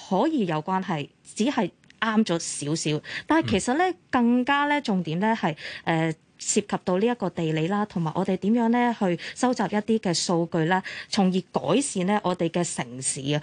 可以有關係，只係啱咗少少。但係其實咧更加咧重點咧係誒。呃呃涉及到呢一個地理啦，同埋我哋點樣咧去收集一啲嘅數據啦，從而改善咧我哋嘅城市啊。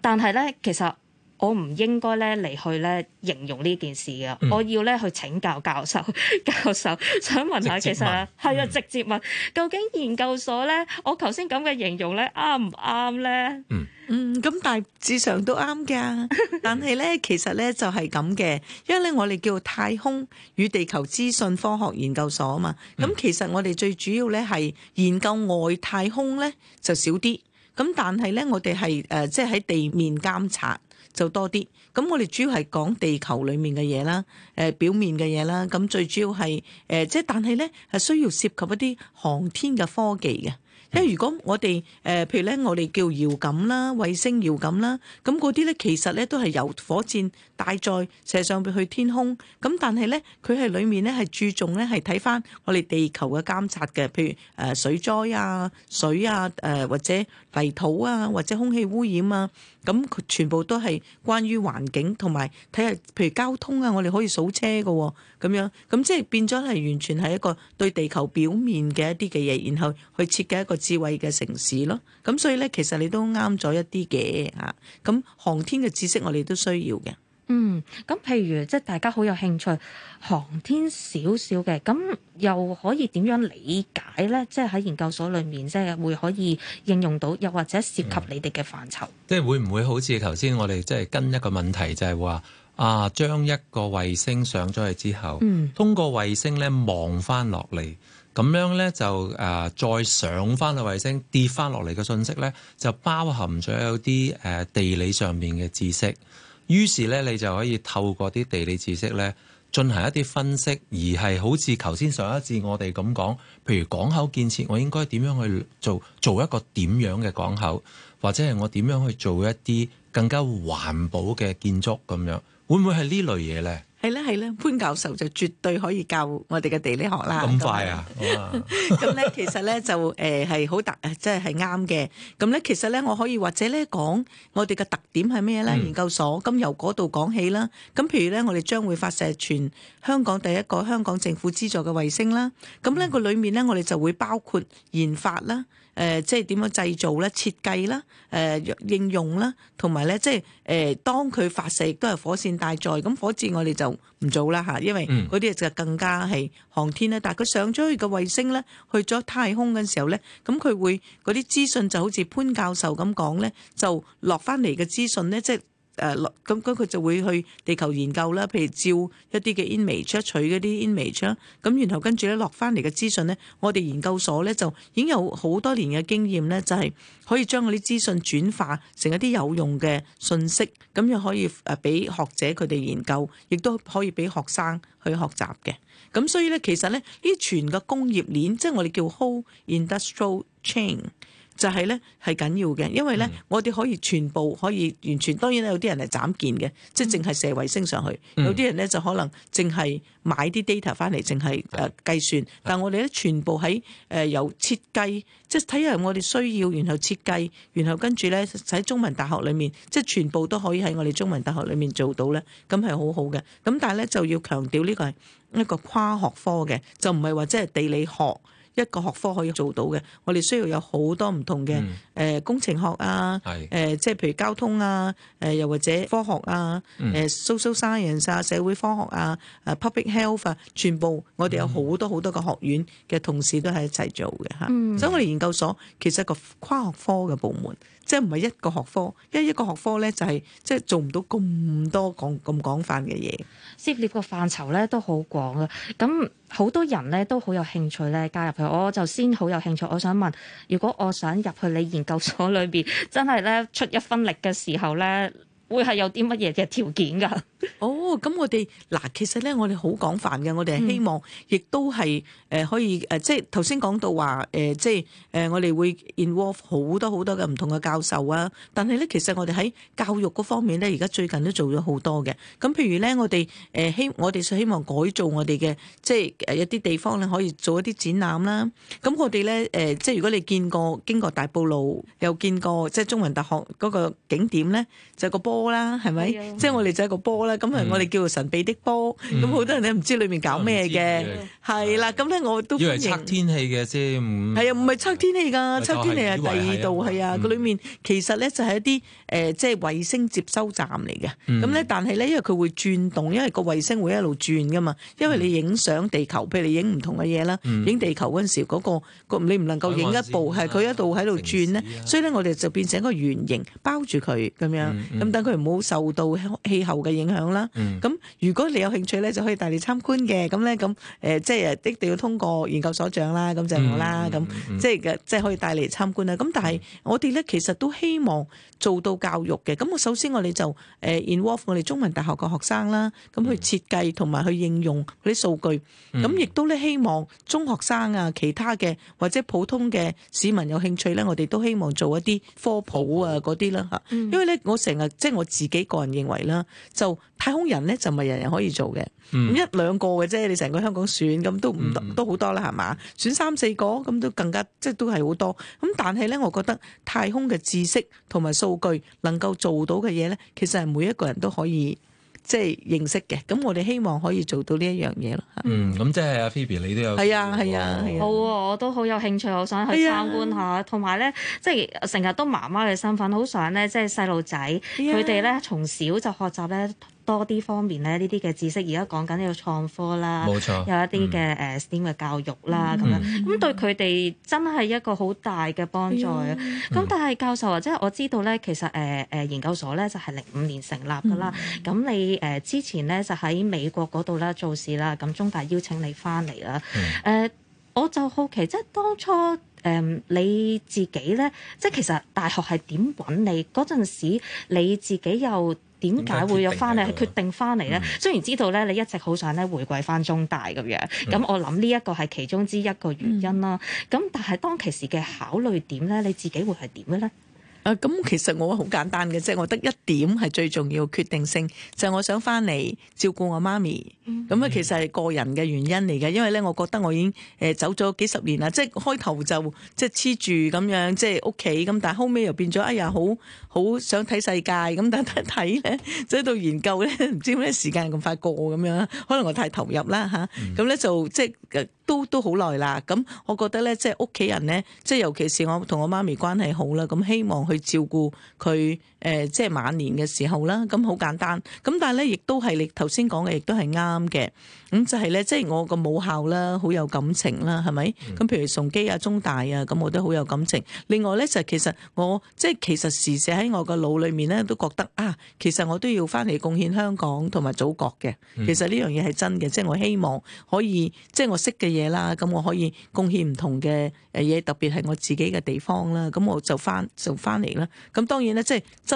但係咧，其實。我唔應該咧嚟去咧形容呢件事嘅。嗯、我要咧去請教教授。教授想問，問下，其實係啊，直接問、嗯、究竟研究所咧，我頭先咁嘅形容咧啱唔啱咧？合合呢，嗯，咁大致上都啱㗎，但係咧，其實咧就係咁嘅， 因為咧，我哋叫太空與地球資訊科學研究所啊嘛。咁、嗯、其實我哋最主要咧係研究外太空咧就少啲，咁但係咧我哋係誒即係喺地面監察。就多啲，咁我哋主要係講地球裏面嘅嘢啦，誒、呃、表面嘅嘢啦，咁最主要係誒即係，但係呢係需要涉及一啲航天嘅科技嘅，因為如果我哋誒、呃、譬如呢，我哋叫遙感啦、衛星遙感啦，咁嗰啲呢其實呢都係由火箭，帶在射上邊去天空咁，但係咧，佢係裡面咧係注重咧係睇翻我哋地球嘅監察嘅，譬如誒水災啊、水啊誒、呃、或者泥土啊或者空氣污染啊，咁全部都係關於環境同埋睇下譬如交通啊，我哋可以數車嘅咁、哦、樣，咁即係變咗係完全係一個對地球表面嘅一啲嘅嘢，然後去設計一個智慧嘅城市咯。咁所以咧，其實你都啱咗一啲嘅嚇。咁航天嘅知識我哋都需要嘅。嗯，咁譬如即係大家好有興趣航天少少嘅，咁又可以點樣理解咧？即係喺研究所裏面，即係會可以應用到，又或者涉及你哋嘅範疇，即係會唔會好似頭先我哋即係跟一個問題就，就係話啊，將一個衛星上咗去之後，嗯，通過衛星咧望翻落嚟，咁樣咧就誒、呃、再上翻個衛星，跌翻落嚟嘅信息咧，就包含咗有啲誒地理上面嘅知識。於是咧，你就可以透過啲地理知識咧，進行一啲分析，而係好似頭先上一節我哋咁講，譬如港口建設，我應該點樣去做？做一個點樣嘅港口，或者係我點樣去做一啲更加環保嘅建築咁樣，會唔會係呢類嘢呢？係咧係咧，潘教授就絕對可以教我哋嘅地理學啦。咁快啊！咁咧， 其實咧 就誒係好特，即係係啱嘅。咁咧，其實咧我可以或者咧講我哋嘅特點係咩咧？嗯、研究所，咁由嗰度講起啦。咁譬如咧，我哋將會發射全香港第一個香港政府資助嘅衛星啦。咁咧個裏面咧，我哋就會包括研發啦。誒、呃、即係點樣製造咧、設計啦、誒、呃、應用啦，同埋咧即係誒、呃、當佢發射都係火箭帶載，咁火箭我哋就唔做啦嚇，因為嗰啲就更加係航天啦。但係佢上咗去個衛星咧，去咗太空嘅時候咧，咁佢會嗰啲資訊就好似潘教授咁講咧，就落翻嚟嘅資訊咧，即係。誒落咁佢就會去地球研究啦，譬如照一啲嘅 image，取嗰啲 image，咁然後跟住咧落翻嚟嘅資訊咧，我哋研究所咧就已經有好多年嘅經驗咧，就係可以將嗰啲資訊轉化成一啲有用嘅信息，咁又可以誒俾學者佢哋研究，亦都可以俾學生去學習嘅。咁所以咧，其實咧呢全個工業鏈，即係我哋叫 whole industrial chain。就係咧，係緊要嘅，因為咧，嗯、我哋可以全部可以完全，當然有啲人係斬件嘅，嗯、即係淨係射衛星上去；嗯、有啲人咧就可能淨係買啲 data 翻嚟，淨係誒計算。但係我哋咧全部喺誒、呃、由設計，即係睇下我哋需要，然後設計，然後跟住咧喺中文大學裡面，即係全部都可以喺我哋中文大學裡面做到咧，咁係好好嘅。咁但係咧就要強調呢個係一個跨學科嘅，就唔係話即係地理學。一個學科可以做到嘅，我哋需要有好多唔同嘅，誒、嗯呃、工程學啊，誒即係譬如交通啊，誒、呃、又或者科學啊，誒、嗯呃、social science 啊，社會科學啊，誒、啊、public health 啊，全部我哋有好多好多個學院嘅同事都係一齊做嘅嚇，嗯、所以我哋研究所其實一個跨學科嘅部門。即係唔係一個學科，因為一個學科呢就係即係做唔到咁多廣咁廣泛嘅嘢。涉獵個範疇呢都好廣啊，咁好多人呢都好有興趣呢加入去。我就先好有興趣，我想問，如果我想入去你研究所裏邊，真係呢出一分力嘅時候呢，會係有啲乜嘢嘅條件㗎？ 哦，咁我哋嗱，其實咧，我哋好廣泛嘅，我哋係希望，亦都係誒可以誒，即係頭先講到話誒，即係誒我哋會 involve 好多好多嘅唔同嘅教授啊。但係咧，其實我哋喺、嗯、教、教育嗰方面咧，而家最近都做咗好多嘅。咁譬如咧，我哋誒希我哋想希望改造我哋嘅，即係誒一啲地方咧，可以做一啲展覽啦。咁我哋咧誒，即係如果你見過經過大埔路，又見過即係中文大學嗰個景點咧，就係、個波。波啦，係咪、嗯？即係我哋就係個波啦，咁係我哋叫做神秘的波，咁好、嗯、多人咧唔知裏面搞咩嘅，係啦、嗯，咁、嗯、咧、嗯嗯嗯、我都以為測天氣嘅先，係、就、啊、是，唔係測天氣噶，測、嗯、天氣係、就是、第二度，係啊，個裏面其實咧就係一啲。誒、呃，即係衛星接收站嚟嘅，咁咧、嗯，但係咧，因為佢會轉動，因為個衛星會一路轉噶嘛。因為你影相地球，譬如你影唔同嘅嘢啦，影、嗯、地球嗰陣時嗰個，嗰個你唔能夠影一部係佢一路喺度轉咧，所以咧，我哋就變成一個圓形包住佢咁樣，咁等佢唔好受到氣候嘅影響啦。咁、嗯、如果你有興趣咧，就可以帶你參觀嘅，咁咧咁誒即係一定要通過研究所長啦，咁就我啦，咁即係即係可以帶嚟參觀啦。咁但係我哋咧其實都希望做到。教育嘅，咁我首先我哋就誒 involve 我哋中文大學嘅學生啦，咁、嗯、去設計同埋去應用啲數據，咁亦、嗯、都咧希望中學生啊、其他嘅或者普通嘅市民有興趣咧，我哋都希望做一啲科普啊嗰啲啦吓，嗯、因為咧我成日即係我自己個人認為啦，就。太空人咧就唔係人人可以做嘅，咁、嗯、一兩個嘅啫。你成個香港選咁都唔、嗯、都好多啦，係嘛？選三四個咁都更加即係都係好多。咁但係咧，我覺得太空嘅知識同埋數據能夠做到嘅嘢咧，其實係每一個人都可以即係認識嘅。咁我哋希望可以做到呢一樣嘢咯。嗯，咁即係阿 Phoebe，你都有係啊係啊，好啊，我都好有興趣，我想去參觀下。同埋咧，即係成日都媽媽嘅身份，好想咧，即係細路仔佢哋咧，從小就學習咧。多啲方面咧，呢啲嘅知識，而家講緊呢個創科啦，冇錯，有一啲嘅誒 STEM 嘅教育啦，咁、嗯、樣咁、嗯、對佢哋真係一個好大嘅幫助。咁、嗯、但係教授或者我知道咧，其實誒誒、呃、研究所咧就係零五年成立噶啦。咁、嗯、你誒、呃、之前咧就喺美國嗰度啦做事啦，咁中大邀請你翻嚟啦。誒、嗯呃、我就好奇，即係當初誒、呃、你自己咧，即係其實大學係點揾你嗰陣時，你自己又？點解會有翻嚟？係決定翻嚟咧。嗯、雖然知道咧，你一直好想咧回饋翻中大咁樣。咁、嗯、我諗呢一個係其中之一個原因啦。咁、嗯、但係當其時嘅考慮點咧，你自己會係點嘅咧？啊，咁其實我好簡單嘅啫，我覺得一點係最重要決定性，就係、是、我想翻嚟照顧我媽咪。咁啊，其實係個人嘅原因嚟嘅，因為咧，我覺得我已經誒走咗幾十年啦，即係開頭就即係黐住咁樣，即係屋企咁，但後尾又變咗，哎呀，好好想睇世界咁，但睇咧，即係度研究咧，唔知咩時間咁快過咁樣，可能我太投入啦嚇，咁、啊、咧、嗯、就即係。都都好耐啦，咁我覺得呢，即係屋企人呢，即係尤其是我同我媽咪關係好啦，咁希望去照顧佢。誒即係晚年嘅時候啦，咁好簡單，咁但係咧，亦都係你頭先講嘅，亦都係啱嘅。咁就係咧，即係我個母校啦，好有感情啦，係咪？咁譬如崇基啊、中大啊，咁我都好有感情。另外咧，就係其實我即係其實時時喺我個腦裏面咧，都覺得啊，其實我都要翻嚟貢獻香港同埋祖國嘅。其實呢樣嘢係真嘅，即係我希望可以即係我識嘅嘢啦，咁我可以貢獻唔同嘅誒嘢，特別係我自己嘅地方啦。咁我就翻就翻嚟啦。咁當然咧，即係真。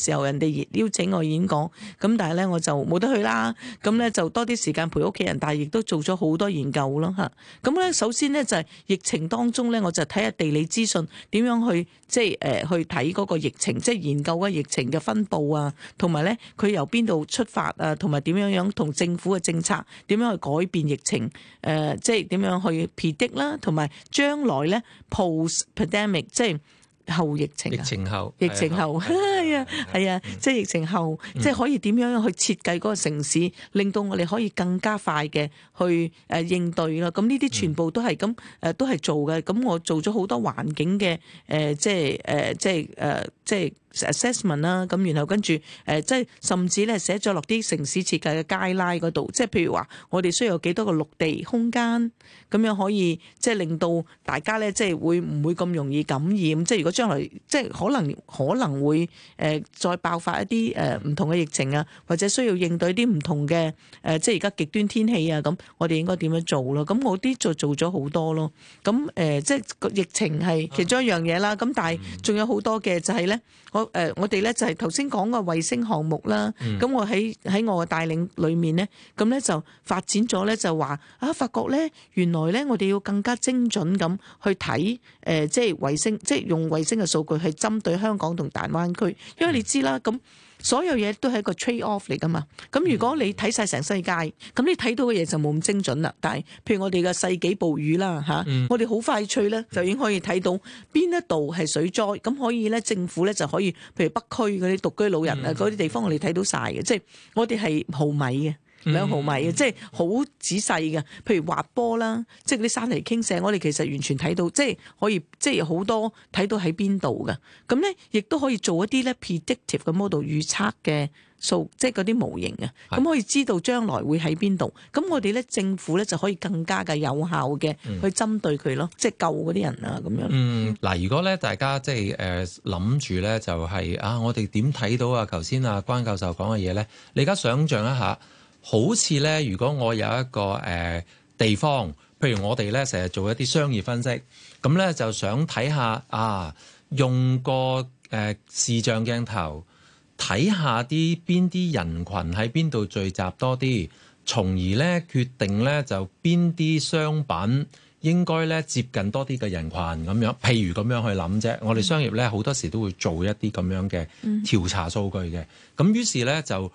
時候人哋邀請我演講，咁但係咧我就冇得去啦。咁咧就多啲時間陪屋企人，但係亦都做咗好多研究咯嚇。咁咧首先咧就係、是、疫情當中咧，我就睇下地理資訊點樣去即係誒、呃、去睇嗰個疫情，即係研究嗰個疫情嘅分布啊，同埋咧佢由邊度出發啊，同埋點樣樣同政府嘅政策點樣去改變疫情？誒、呃、即係點樣去 predict 啦，同埋將來咧 post pandemic 即係。後疫情啊，疫情後，疫情後係啊，係啊，即係疫情後，啊嗯、即係可以點樣去設計嗰個城市，令到我哋可以更加快嘅去誒應對咯。咁呢啲全部都係咁誒，都係做嘅。咁我做咗好多環境嘅誒、呃，即係誒、呃，即係誒、呃，即係。呃即 Assessment 啦，咁然後跟住誒、呃，即係甚至咧寫咗落啲城市設計嘅 guideline 嗰度，即係譬如話，我哋需要幾多個陸地空間，咁樣可以即係令到大家咧，即係會唔會咁容易感染？即係如果將來即係可能可能會誒、呃、再爆發一啲誒唔同嘅疫情啊，或者需要應對啲唔同嘅誒、呃，即係而家極端天氣啊，咁我哋應該點樣做咯？咁我啲就做咗好多咯。咁誒，即係疫情係其中一樣嘢啦。咁但係仲有好多嘅就係咧。我誒、呃、我哋咧就係頭先講個衛星項目啦，咁、嗯、我喺喺我嘅帶領裏面咧，咁咧就發展咗咧就話啊，發覺咧原來咧我哋要更加精準咁去睇誒、呃，即係衛星，即係用衛星嘅數據去針對香港同大灣區，因為你知啦咁。嗯所有嘢都係一個 trade off 嚟噶嘛，咁如果你睇晒成世界，咁你睇到嘅嘢就冇咁精準啦。但係譬如我哋嘅世紀暴雨啦嚇、嗯啊，我哋好快脆咧就已經可以睇到邊一度係水災，咁可以咧政府咧就可以，譬如北區嗰啲獨居老人啊嗰啲地方我哋睇到晒嘅，即係、嗯、我哋係毫米嘅。嗯、兩毫米嘅，嗯、即係好仔細嘅。譬如滑坡啦，即係啲山泥傾瀉，我哋其實完全睇到，即係可以即係好多睇到喺邊度嘅。咁咧，亦都可以做一啲咧 predictive 嘅 model 預測嘅數，即係嗰啲模型啊。咁可以知道將來會喺邊度。咁是我哋咧政府咧就可以更加嘅有效嘅去針對佢咯，嗯、即係救嗰啲人啊咁樣。嗱、嗯，如果咧大家即係誒諗住咧，就係啊，我哋點睇到啊？頭先啊關教授講嘅嘢咧，你而家想象一下。好似咧，如果我有一個誒、呃、地方，譬如我哋咧成日做一啲商業分析，咁咧就想睇下啊，用個誒、呃、視像鏡頭睇下啲邊啲人群喺邊度聚集多啲，從而咧決定咧就邊啲商品應該咧接近多啲嘅人群咁樣，譬如咁樣去諗啫。我哋商業咧好多時都會做一啲咁樣嘅調查數據嘅，咁於是咧就。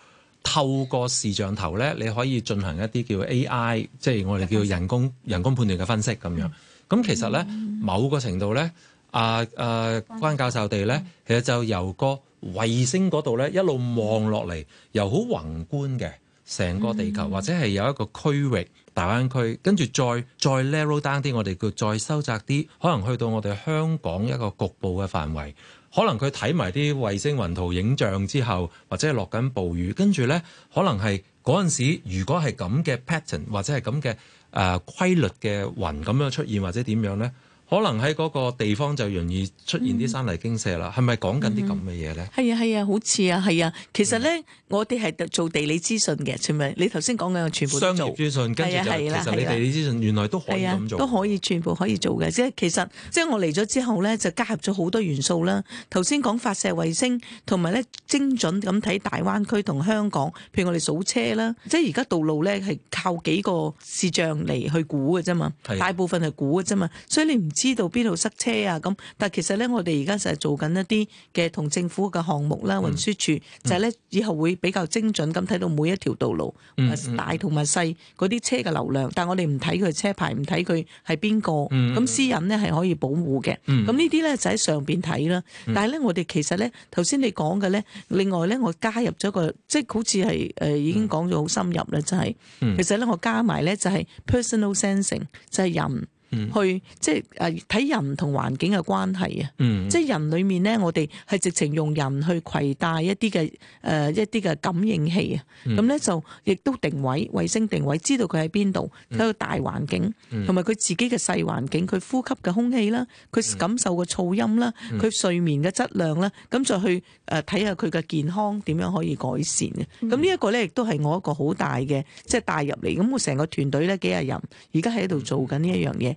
透過視像頭咧，你可以進行一啲叫 AI，即係我哋叫人工人工判斷嘅分析咁樣。咁、嗯嗯嗯、其實咧，某個程度咧，啊啊關教授哋咧，其實就由個衛星嗰度咧一路望落嚟，又好、嗯、宏觀嘅成個地球，嗯、或者係有一個區域大灣區，跟住再再 level down 啲，我哋叫再收窄啲，可能去到我哋香港一個局部嘅範圍。可能佢睇埋啲衛星雲圖影像之後，或者落緊暴雨，跟住咧，可能係嗰陣時，如果係咁嘅 pattern 或者係咁嘅誒規律嘅雲咁樣出現或者點樣咧？可能喺嗰個地方就容易出現啲山泥傾瀉啦，係咪講緊啲咁嘅嘢咧？係啊係啊，好似啊係啊。其實咧，啊、我哋係做地理資訊嘅，全咪？你頭先講緊全部商業資訊跟住就、啊啊、其實你地理資訊原來都可以咁做、啊，都可以全部可以做嘅。即係其實即係我嚟咗之後咧，就加入咗好多元素啦。頭先講發射衛星，同埋咧精準咁睇大灣區同香港，譬如我哋數車啦。即係而家道路咧係靠幾個視像嚟去估嘅啫嘛，大部分係估嘅啫嘛，所以你唔。知道邊度塞車啊，咁，但係其實咧，我哋而家就係做緊一啲嘅同政府嘅項目啦，運輸處、嗯、就係咧以後會比較精準咁睇到每一條道路，嗯嗯、大同埋細嗰啲車嘅流量，但係我哋唔睇佢車牌，唔睇佢係邊個，咁、嗯嗯、私隱咧係可以保護嘅。咁呢啲咧就喺上邊睇啦。但係咧，我哋其實咧頭先你講嘅咧，另外咧我加入咗個即係好似係誒已經講咗好深入咧，就係、是嗯嗯、其實咧我加埋咧就係 personal sensing，就係人。去即係誒睇人同環境嘅關係啊！嗯、即係人裡面咧，我哋係直情用人去攜帶一啲嘅誒一啲嘅感應器啊，咁咧、嗯、就亦都定位衛星定位，知道佢喺邊度喺個大環境，同埋佢自己嘅細環境，佢呼吸嘅空氣啦，佢感受嘅噪音啦，佢、嗯、睡眠嘅質量啦，咁就去誒睇下佢嘅健康點樣可以改善嘅。咁、嗯、呢一個咧，亦都係我一個好大嘅即係帶入嚟。咁我成個團隊咧幾廿人，而家喺度做緊呢一樣嘢。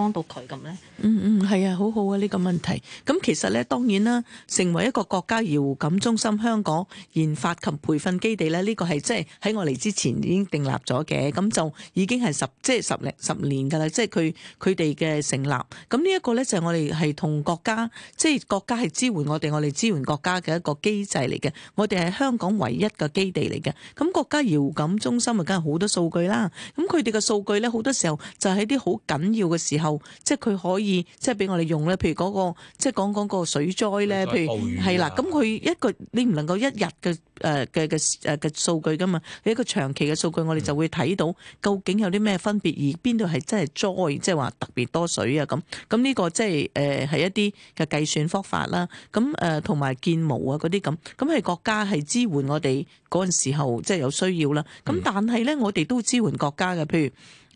幫到佢咁咧？嗯嗯，係啊，好好啊！呢、這個問題咁、嗯、其實咧，當然啦，成為一個國家遙感中心、香港研發及培訓基地咧，呢、這個係即係喺我嚟之前已經訂立咗嘅，咁、嗯、就已經係十即係十零十年㗎啦。即係佢佢哋嘅成立，咁、嗯這個、呢一個咧就係、是、我哋係同國家即係國家係支援我哋，我哋支援國家嘅一個機制嚟嘅。我哋係香港唯一嘅基地嚟嘅，咁、嗯、國家遙感中心啊，梗係好多數據啦。咁佢哋嘅數據咧，好多時候就喺啲好緊要嘅時。後即係佢可以即係俾我哋用咧，譬如嗰、那個即係講講個水災咧， 譬如係啦，咁佢 一個你唔能夠一日嘅誒嘅嘅誒嘅數據噶嘛，係一個長期嘅數據，我哋就會睇到、嗯、究竟有啲咩分別，而邊度係真係災，即係話特別多水啊咁。咁呢個即係誒係一啲嘅計算方法啦。咁誒同埋建模啊嗰啲咁，咁係國家係支援我哋嗰陣時候即係、就是、有需要啦。咁但係咧，我哋都支援國家嘅，譬如。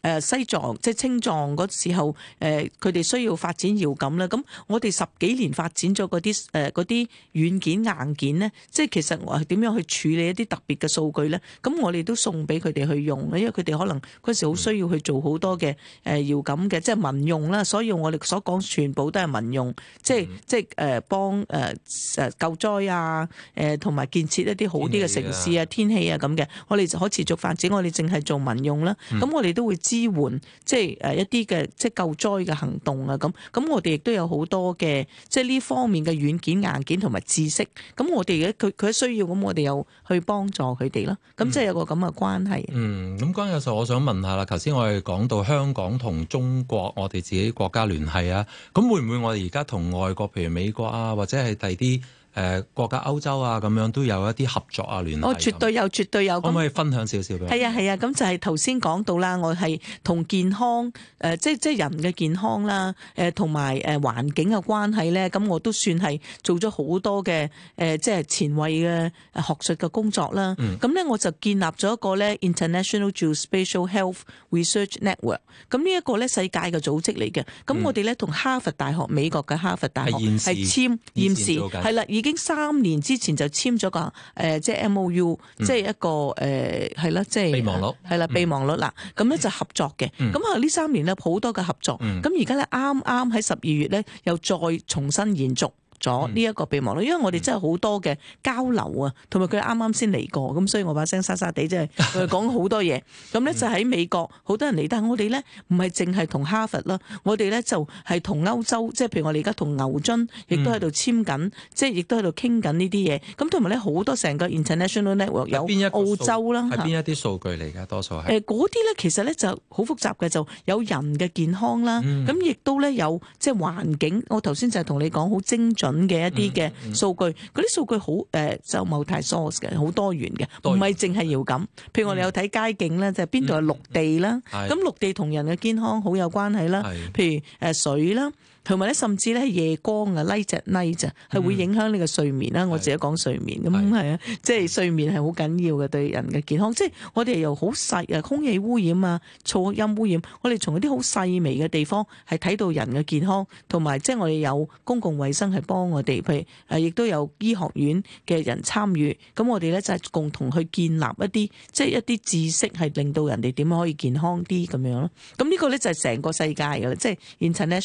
誒西藏即係青藏嗰時候，誒佢哋需要發展遙感啦。咁我哋十幾年發展咗嗰啲誒嗰啲軟件硬件咧，即係其實我點樣去處理一啲特別嘅數據咧？咁我哋都送俾佢哋去用，因為佢哋可能嗰時好需要去做好多嘅誒遙感嘅，即係民用啦。所以我哋所講全部都係民用，即係即係誒幫誒誒救災啊，誒同埋建設一啲好啲嘅城市啊、天氣啊咁嘅。我哋可持續發展，我哋淨係做民用啦。咁我哋都會。支援即係誒一啲嘅即係救災嘅行動啊，咁咁我哋亦都有好多嘅即係呢方面嘅軟件硬件同埋知識，咁我哋而家佢佢需要，咁我哋又去幫助佢哋囉，咁即係有個咁嘅關係。嗯咁、嗯、關教授我想問下啦，頭先我哋講到香港同中國我哋自己國家聯繫啊，咁會唔會我哋而家同外國譬如美國啊或者係第啲？誒、呃、國家，歐洲啊，咁樣都有一啲合作啊，聯繫。我絕對有，絕對有。可唔可以分享少少？係啊，係啊，咁就係頭先講到啦。我係同健康誒、呃，即係即係人嘅健康啦，誒同埋誒環境嘅關係咧。咁我都算係做咗好多嘅誒、呃，即係前衞嘅學術嘅工作啦。咁咧、嗯，我就建立咗一個咧 International Geospatial Health Research Network。咁呢一個咧，世界嘅組織嚟嘅。咁、嗯、我哋咧，同哈佛大學，美國嘅哈佛大學係簽驗視，係啦，已經三年之前就簽咗個誒、呃，即係 M O U，嗯、即係一個誒，係、呃、啦，即係備忘錄，係啦、嗯，備忘率，啦，咁咧就合作嘅。咁啊呢三年咧好多嘅合作，咁而家咧啱啱喺十二月咧又再重新延續咗呢一個備忘咯，嗯、因為我哋真係好多嘅交流啊，同埋佢啱啱先嚟過，咁所以我把聲沙沙地，即係講好多嘢。咁咧、嗯、就喺美國好多人嚟，但係我哋咧唔係淨係同哈佛啦，我哋咧就係、是、同歐洲，即係譬如我哋而家同牛津，亦都喺度簽緊，嗯、即係亦都喺度傾緊呢啲嘢。咁同埋咧好多成個 international network 個有澳洲啦，係邊是一啲數據嚟㗎？多數係誒嗰啲咧，其實咧就好複雜嘅，就有人嘅健康啦，咁亦、嗯、都咧有即係環境。我頭先就係同你講好精。準嘅一啲嘅數據，嗰啲數據好誒、呃，就冇太 source 嘅，好多元嘅，唔係淨係遙感。嗯、譬如我哋有睇街景咧，嗯、就係邊度有綠地啦，咁綠的地同人嘅健康好有關係啦。的譬如誒水啦。同埋咧，甚至咧夜光啊 light 著 light 著，係會影響你嘅睡眠啦。嗯、我自己講睡眠咁係啊，即係是、嗯就是、睡眠係好緊要嘅對人嘅健康。即、就、係、是、我哋又好細啊，空氣污染啊，噪音污染，我哋從嗰啲好細微嘅地方係睇到人嘅健康，同埋即係我哋有公共衛生係幫我哋，譬如亦都有醫學院嘅人參與，咁我哋咧就係共同去建立一啲即係一啲知識，係令到人哋點樣可以健康啲咁樣咯。咁呢個咧就係成個世界嘅，即、就、係、是、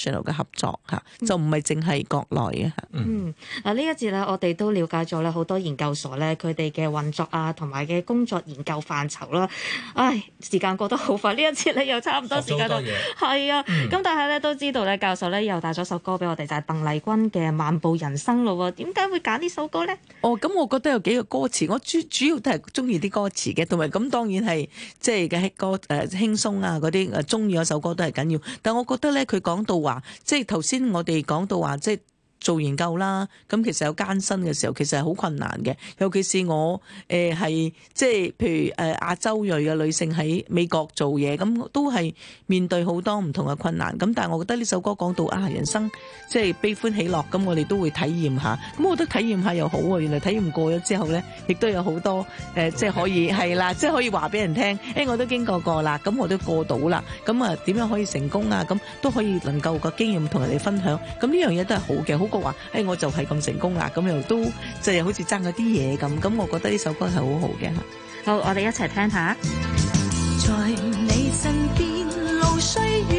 international 嘅合作。吓，就唔係淨係國內嘅吓。嗯，啊呢一節咧，我哋都了解咗咧好多研究所咧，佢哋嘅運作啊，同埋嘅工作研究範疇啦。唉，時間過得好快，呢一節咧又差唔多時間到。係啊。咁、嗯、但係咧都知道咧，教授咧又帶咗首歌俾我哋，就係鄧麗君嘅《漫步人生路》。點解會揀呢首歌咧？哦，咁我覺得有幾個歌詞，我主主要都係中意啲歌詞嘅，同埋咁當然係即係嘅 hit 歌誒輕鬆啊嗰啲誒中意嗰首歌都係緊要。但我覺得咧，佢講到話即係頭先我哋講到話，即。做研究啦，咁其實有艱辛嘅時候，其實係好困難嘅。尤其是我誒係即係譬如誒亞洲裔嘅女性喺美國做嘢，咁都係面對好多唔同嘅困難，咁但係我覺得呢首歌講到啊，人生即係悲歡喜樂，咁我哋都會體驗下。咁我都體驗下又好喎。原來體驗過咗之後咧，亦都有好多誒即係可以係啦，即係可以話俾人聽誒，我都經過過啦，咁我都過到啦。咁啊，點樣可以成功啊？咁都可以能夠個經驗同人哋分享。咁呢樣嘢都係好嘅，好。話誒、 哎，我就係咁成功啦，咁又都即係好似爭咗啲嘢咁，咁我覺得呢首歌係好好嘅。好，我哋一齊聽下。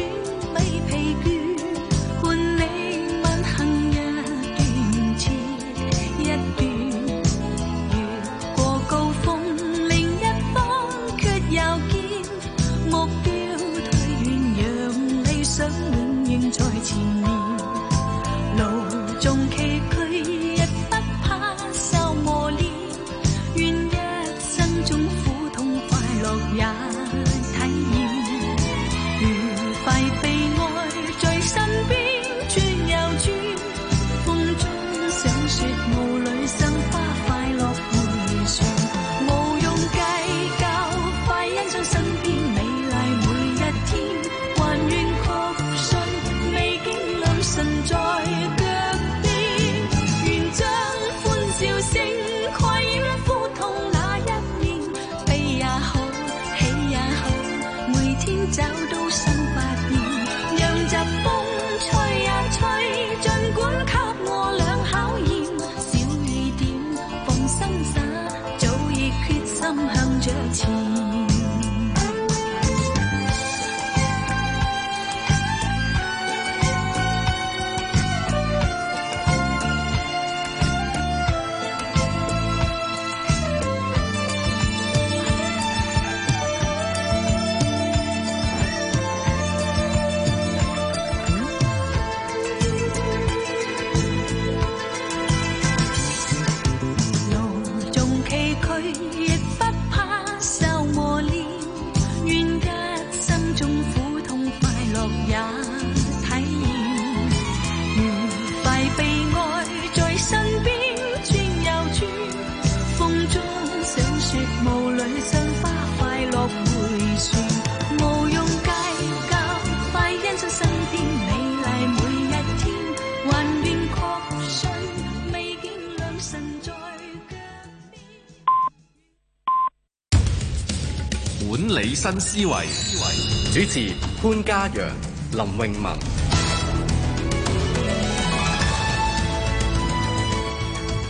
理新思維維主持，潘嘉陽、林詠雯。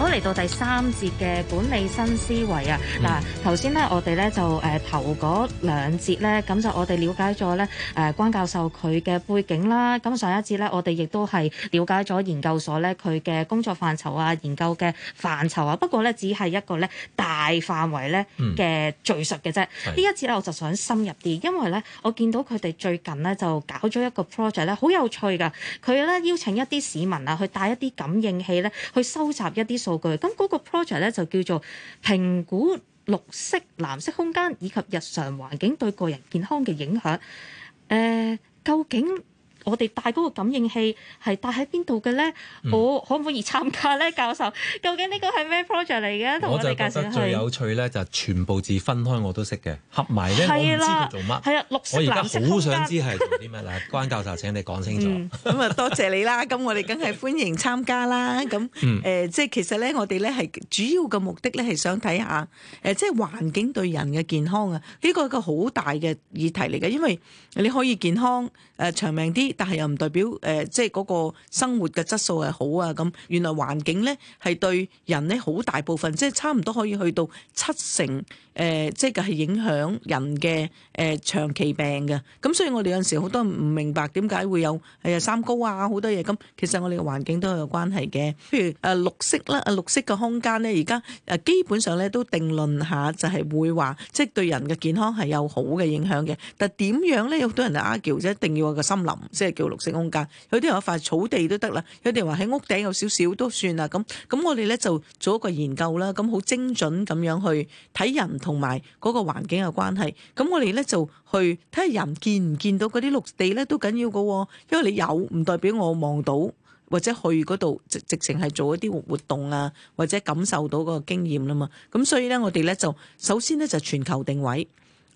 好嚟到第三節嘅管理新思維、嗯、啊！嗱、呃，頭先咧，我哋咧就誒頭嗰兩節咧，咁就我哋了解咗咧誒關教授佢嘅背景啦。咁上一節咧，我哋亦都係了解咗研究所咧佢嘅工作範疇啊、研究嘅範疇啊。不過咧，只係一個咧大範圍咧嘅敘述嘅啫。呢、嗯、一節咧，我就想深入啲，因為咧我見到佢哋最近咧就搞咗一個 project 咧，好有趣噶。佢咧邀請一啲市民啊，去帶一啲感應器咧，去收集一啲數數據咁嗰個 project 咧就叫做評估綠色、藍色空間以及日常環境對個人健康嘅影響。誒、呃，究竟？我哋戴嗰個感應器係戴喺邊度嘅咧？嗯、我可唔可以參加咧？教授，究竟呢個係咩 project 嚟嘅？同我哋介紹下。我就識最有趣咧，就全部字分開我都識嘅，合埋咧我唔知佢做乜。係啊，綠色藍色。我而家好想知係做啲咩嗱？ 關教授請你講清楚咁啊！嗯、多謝你啦，咁 我哋梗係歡迎參加啦。咁誒、嗯呃、即係其實咧，我哋咧係主要嘅目的咧係想睇下誒、呃、即係環境對人嘅健康啊！呢、這個係個好大嘅議題嚟嘅，因為你可以健康誒、呃、長命啲。但係又唔代表誒、呃，即係嗰個生活嘅質素係好啊，咁。原來環境咧係對人咧好大部分，即係差唔多可以去到七成誒、呃，即係係影響人嘅誒、呃、長期病嘅。咁所以我哋有陣時好多唔明白點解會有誒三高啊好多嘢咁。其實我哋嘅環境都有關係嘅。譬如誒綠色啦，綠色嘅空間咧，而家誒基本上咧都定論下就係會話，即係對人嘅健康係有好嘅影響嘅。但係點樣咧？有好多人 argue 一定要有個森林。即係叫綠色空間，有啲人話塊草地都得啦，有啲人話喺屋頂有少少都算啦。咁咁，我哋咧就做一個研究啦，咁好精準咁樣去睇人同埋嗰個環境嘅關係。咁我哋咧就去睇下人見唔見到嗰啲綠地咧都緊要㗎，因為你有唔代表我望到或者去嗰度直直情係做一啲活動啊，或者感受到個經驗啦嘛。咁所以咧，我哋咧就首先咧就全球定位。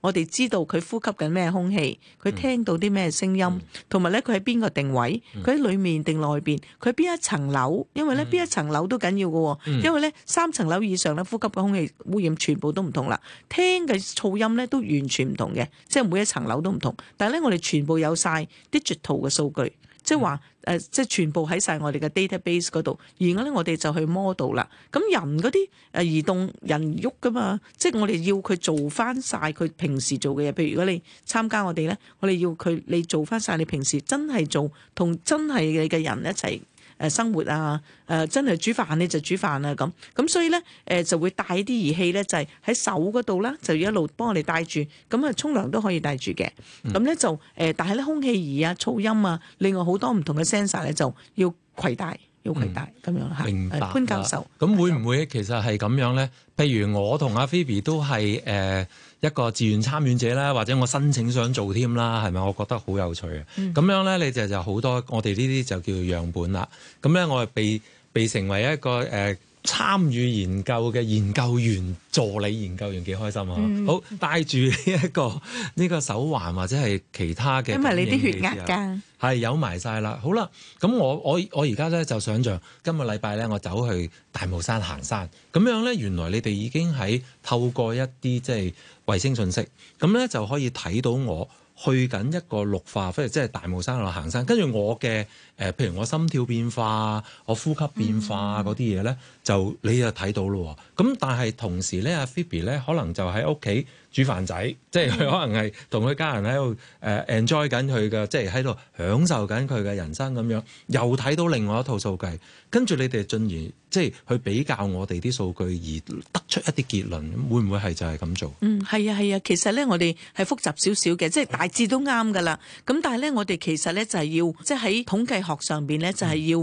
我哋知道佢呼吸緊咩空氣，佢聽到啲咩聲音，同埋咧佢喺邊個定位，佢喺裏面定內邊，佢邊一層樓，因為咧邊一層樓都緊要㗎，因為咧三層樓以上咧呼吸嘅空氣污染全部都唔同啦，聽嘅噪音咧都完全唔同嘅，即係每一層樓都唔同，但係咧我哋全部有晒 digital 嘅數據，即係話。誒、呃，即係全部喺晒我哋嘅 database 嗰度，而家咧我哋就去 model 啦。咁人嗰啲誒移動人喐㗎嘛，即係我哋要佢做翻晒佢平時做嘅嘢。譬如如果你參加我哋咧，我哋要佢你做翻晒你平時真係做同真係你嘅人一齊。誒生活啊，誒真係煮飯咧就煮飯啊咁咁，所以咧誒、呃、就會帶啲儀器咧就係、是、喺手嗰度啦，就一路幫我哋帶住咁啊，沖涼都可以帶住嘅咁咧就誒、呃，但係咧空氣儀啊、噪音啊，另外好多唔同嘅 sensor 咧就要攜帶。要期待咁樣明白，潘教授咁會唔會其實係咁樣咧？的譬如我同阿菲比都係誒一個自願參與者啦，或者我申請想做添啦，係咪？我覺得好有趣嘅。咁、嗯、樣咧，你就就好多我哋呢啲就叫做樣本啦。咁咧，我係被被成為一個誒。呃參與研究嘅研究員、助理研究員，幾開心啊！嗯、好帶住呢一個呢、這個手環或者係其他嘅，因為你啲血壓㗎，係有埋晒啦。好啦，咁我我我而家咧就想像今個禮拜咧，我走去大霧山行山。咁樣咧，原來你哋已經喺透過一啲即係衛星信息，咁咧就可以睇到我去緊一個綠化，譬如即係大霧山度行山。跟住我嘅誒、呃，譬如我心跳變化、我呼吸變，變化嗰啲嘢咧。嗯就你又睇到咯，咁但係同時咧，阿 Phoebe 咧可能就喺屋企煮飯仔，即係佢可能係同佢家人喺度誒 enjoy 緊佢嘅，即係喺度享受緊佢嘅人生咁樣，又睇到另外一套數據，跟住你哋進而即係去比較我哋啲數據而得出一啲結論，會唔會係就係咁做？嗯，係啊，係啊，其實咧我哋係複雜少少嘅，即係大致都啱噶啦。咁但係咧，我哋其實咧就係要即係喺統計學上邊咧就係要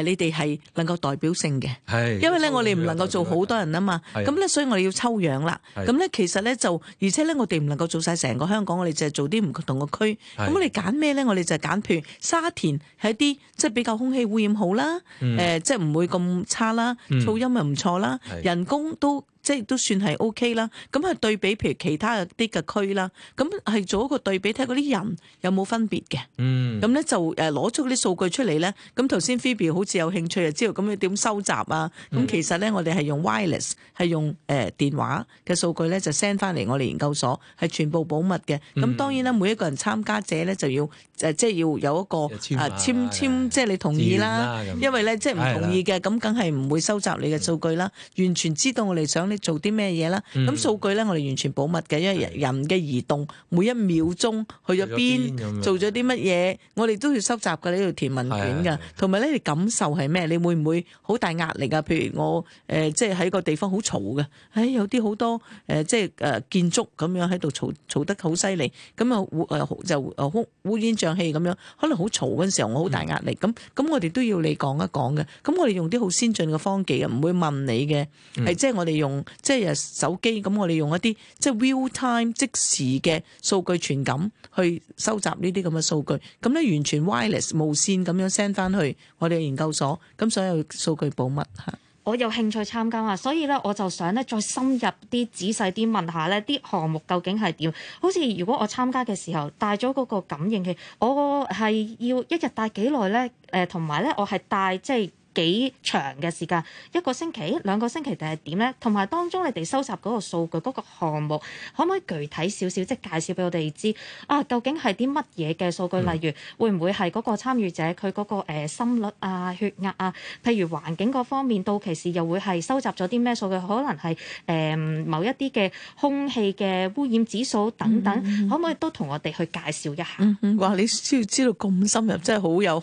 誒你哋係能夠代表性嘅，係。因為咧，我哋唔能夠做好多人啊嘛，咁咧的，所以我哋要抽樣啦。咁咧的，其實咧就，而且咧，我哋唔能夠做晒成個香港，我哋淨係做啲唔同嘅區。咁的我哋揀咩咧？我哋就係揀譬如沙田，係一啲即係比較空氣污染好啦，誒、嗯，即係唔會咁差啦，噪音又唔錯啦，嗯、人工都，即係都算係 O K 啦，咁係，對比譬如其他啲嘅區啦，咁係做一個對比睇嗰啲人有冇分別嘅。嗯。咁咧、嗯、就誒攞出啲數據出嚟咧，咁頭先 Phoebe 好似有興趣啊，知道咁樣點收集啊？咁、嗯、其實咧，我哋係用 wireless，係用誒電話嘅數據咧就 send 翻嚟我哋研究所，係全部保密嘅。嗯。咁當然啦，每一個人參加者咧就要誒即係要有一個啊簽簽即係你同意啦。啊、因為咧即係唔同意嘅，咁梗係唔會收集你嘅數據啦。完全知道我哋想做啲咩嘢啦？咁、嗯、數據咧，我哋完全保密嘅，因為人嘅移動每一秒鐘去咗邊，做咗啲乜嘢，嗯、我哋都要收集嘅。文嗯、呢度填問卷嘅，同埋咧你感受係咩？你會唔會好大壓力啊？譬如我誒、呃，即係喺個地方好嘈嘅，唉，有啲好多誒、呃，即係誒、呃、建築咁樣喺度嘈嘈得好犀利，咁啊誒就誒烏煙瘴氣咁樣，可能好嘈嗰陣時候我好大壓力。咁咁、嗯嗯、我哋都要你講一講嘅。咁我哋用啲好先進嘅方技嘅，唔會問你嘅，係即係我哋用。即係手機咁，我哋用一啲即係 real time 即時嘅數據傳感去收集呢啲咁嘅數據，咁咧完全 wireless 無線咁樣 send 翻去我哋嘅研究所，咁所有數據保密吓。我有興趣參加啊，所以咧我就想咧再深入啲、仔細啲問下咧啲項目究竟係點？好似如果我參加嘅時候帶咗嗰個感應器，我係要一日帶幾耐咧？誒，同埋咧我係帶即係。幾長嘅時間？一個星期、兩個星期定係點咧？同埋當中你哋收集嗰個數據嗰、嗰個項目，可唔可以具體少少即係介紹俾我哋知啊？究竟係啲乜嘢嘅數據？例如會唔會係嗰個參與者佢嗰、嗰個心率啊、血壓啊？譬如環境嗰方面，到期時又會係收集咗啲咩數據？可能係誒、呃、某一啲嘅空氣嘅污染指數等等，嗯、可唔可以都同我哋去介紹一下？嗯嗯、哇！你知知道咁深入，真係好有